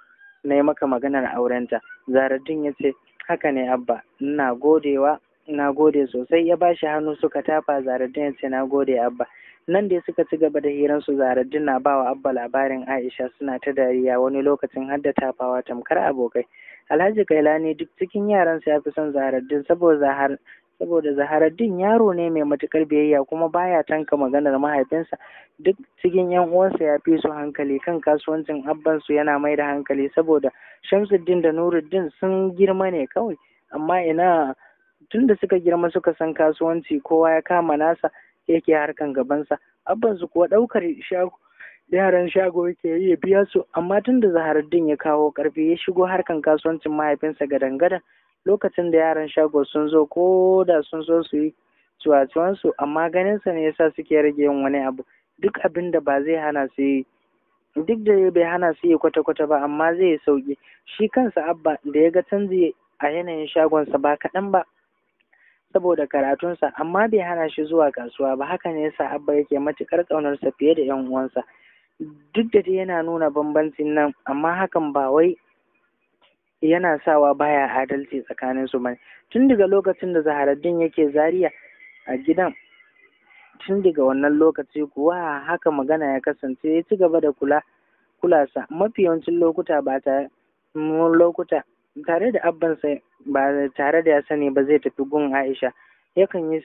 na yi maka maganar aurenta zaraddin ya ce haka ne abba ina godewa na gode sosai ya ba shi hannu suka tafa zaraddin ya ce na gode abba nan dai suka ci gaba da hirar su zaraddin na bawa abba labarin aisha suna ta dariya wani lokacin har da tafawa tamkar abokai alhaji kailani duk cikin yaran sa ya fi son zaraddin saboda har saboda Zaharaddin yaro ne mai matukar biyayya kuma baya tanka maganar mahaifinsa duk cikin yan uwansa ya fi su hankali kan kasuwancin abbansu yana mai da hankali saboda Shamsuddin da Nuruddin sun girma ne kawai amma ina tunda suka girma suka san kasuwanci kowa ya kama nasa yake harkan gabansa abbansu kuwa ɗaukar shago yaran shago yake yi ya biya su amma tunda da zaharaddin ya kawo karfi ya shigo harkan kasuwancin mahaifinsa gadan gadan lokacin da yaran shago sun zo ko da sun zo su yi ciwaciwansu amma ganinsa ne yasa suke rage yin wani abu duk abin da ba zai hana su yi duk da bai hana su yi kwata-kwata ba amma zai yi sauki shi kansa abba da ya ga canji a yanayin shagonsa ba kaɗan ba saboda karatunsa amma bai hana shi zuwa kasuwa ba haka ne yasa abba yake matuƙar ƙaunarsa fiye da 'yan uwansa duk da dai yana nuna bambancin nan amma hakan ba wai yana sawa baya adalci tsakanin su bane tun daga lokacin da zaharaddin yake zariya a gidan tun daga wannan lokaci kuwa haka magana ya kasance ya ci gaba da kula kulasa mafi yawancin lokuta ba tare da sai ba tare da ya sani ba zai tafi gun Aisha yakan yi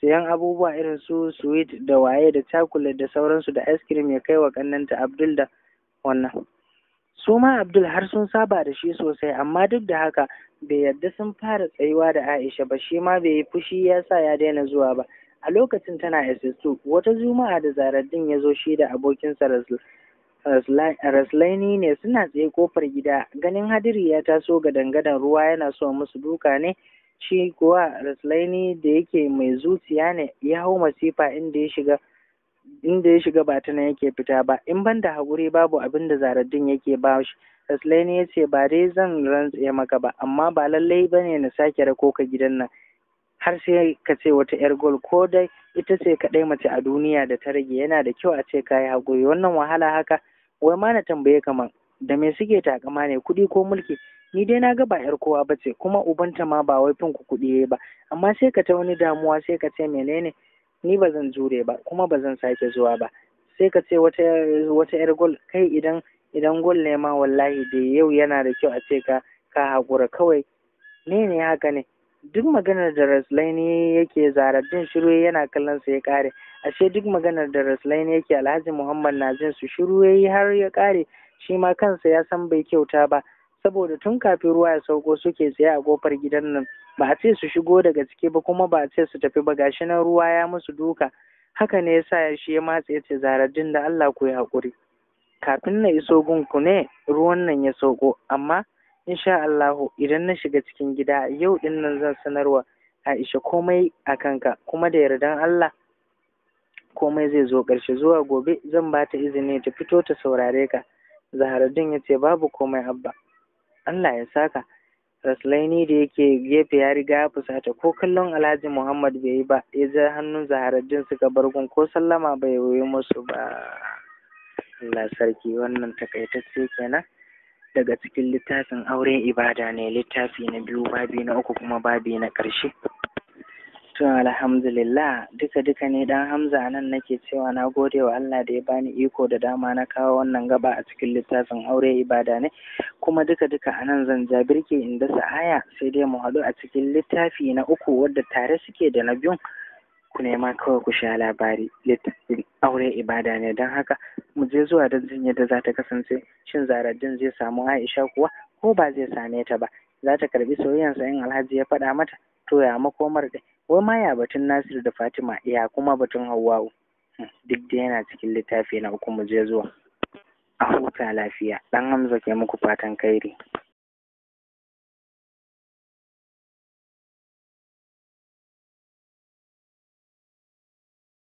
sayan abubuwa irin su sweet da waye da chocolate da sauransu da ice cream ya kai wa kannanta Abdul da wannan su ma abdul har sun saba da shi sosai amma duk da haka bai yarda sun fara tsayuwa da aisha ba shi ma bai yi fushi ya sa ya daina zuwa ba a lokacin tana ss2 wata juma'a da zarardin ya zo shi da abokinsa raslaini ne suna tsaye kofar gida ganin hadiri ya taso ga dangadan ruwa yana so musu duka ne shi kuwa raslaini da yake mai zuciya ne ya hau masifa inda ya shiga inda ya shiga ba ta nan yake fita ba in ban da haƙuri babu abin da zaraddin yake ba shi Taslaini ya ce ba dai zan rantse maka ba amma ba lallai ba ne na sake rako ka gidan nan har sai ka ce wata yar gol ko dai ita ce kaɗai mace a duniya da ta rage yana da kyau a ce ka yi haƙuri wannan wahala haka wai ma na tambaye kaman da me suke takama ne kuɗi ko mulki ni dai na ga ba yar kowa ba ce kuma ubanta ma ba wai fin ku kuɗi ba amma sai ka ta wani damuwa sai ka ce menene ni ba zan jure ba kuma ba zan sake zuwa ba sai ka ce wata yar gol kai idan idan gol ne ma wallahi da yau yana da kyau a ce ka ka haƙura kawai ne ne haka ne duk maganar da Raslaini yake din shiru yana kallon sa ya kare ashe duk maganar da Raslaini yake Alhaji Muhammad na jin su shiru yayi har ya kare shi ma kansa ya san bai kyauta ba saboda tun kafin ruwa ya sauko suke tsaye a kofar gidan nan ba a ce su shigo daga ciki ba kuma ba a ce su tafi ba gashi nan ruwa ya musu duka haka ne yasa shi ya matse ya ce zaraddin da Allah ku yi haƙuri kafin na iso gunku ne ruwan nan ya sauko amma insha Allah idan na shiga cikin gida yau din nan zan sanarwa Aisha komai a kanka kuma da yardan Allah komai zai zo ƙarshe zuwa gobe zan ba ta izini ta fito ta saurare ka Zaharaddin ya ce babu komai abba Allah ya saka raslaini da yake gefe ya riga ya fusata ko kallon alhaji muhammad bai yi ba ya ja hannun zaharaddin suka bar gun ko sallama bai yi musu ba Allah sarki wannan takaitacce kenan daga cikin littafin auren ibada ne littafi na biyu babi na uku kuma babi na ƙarshe To alhamdulillah duka duka ne dan Hamza nan nake cewa na gode wa Allah da ya bani iko da dama na kawo wannan gaba a cikin littafin aure ibada ne kuma duka duka a nan zan jabirke in dasa aya sai dai mu haɗu a cikin littafi na uku wadda tare suke da na biyun ku nema kawai ku sha labari littafin aure ibada ne don haka mu je zuwa don jin yadda za ta kasance shin zaradin zai samu Aisha kuwa ko ba zai same ta ba za ta karbi soyayyansa in Alhaji ya faɗa mata to ya makomar dai wai ma ya batun Nasiru da Fatima ya kuma batun Hauwa'u hmm, duk da yana cikin littafi na uku mu je zuwa a huta lafiya dan Hamza ke muku fatan kairi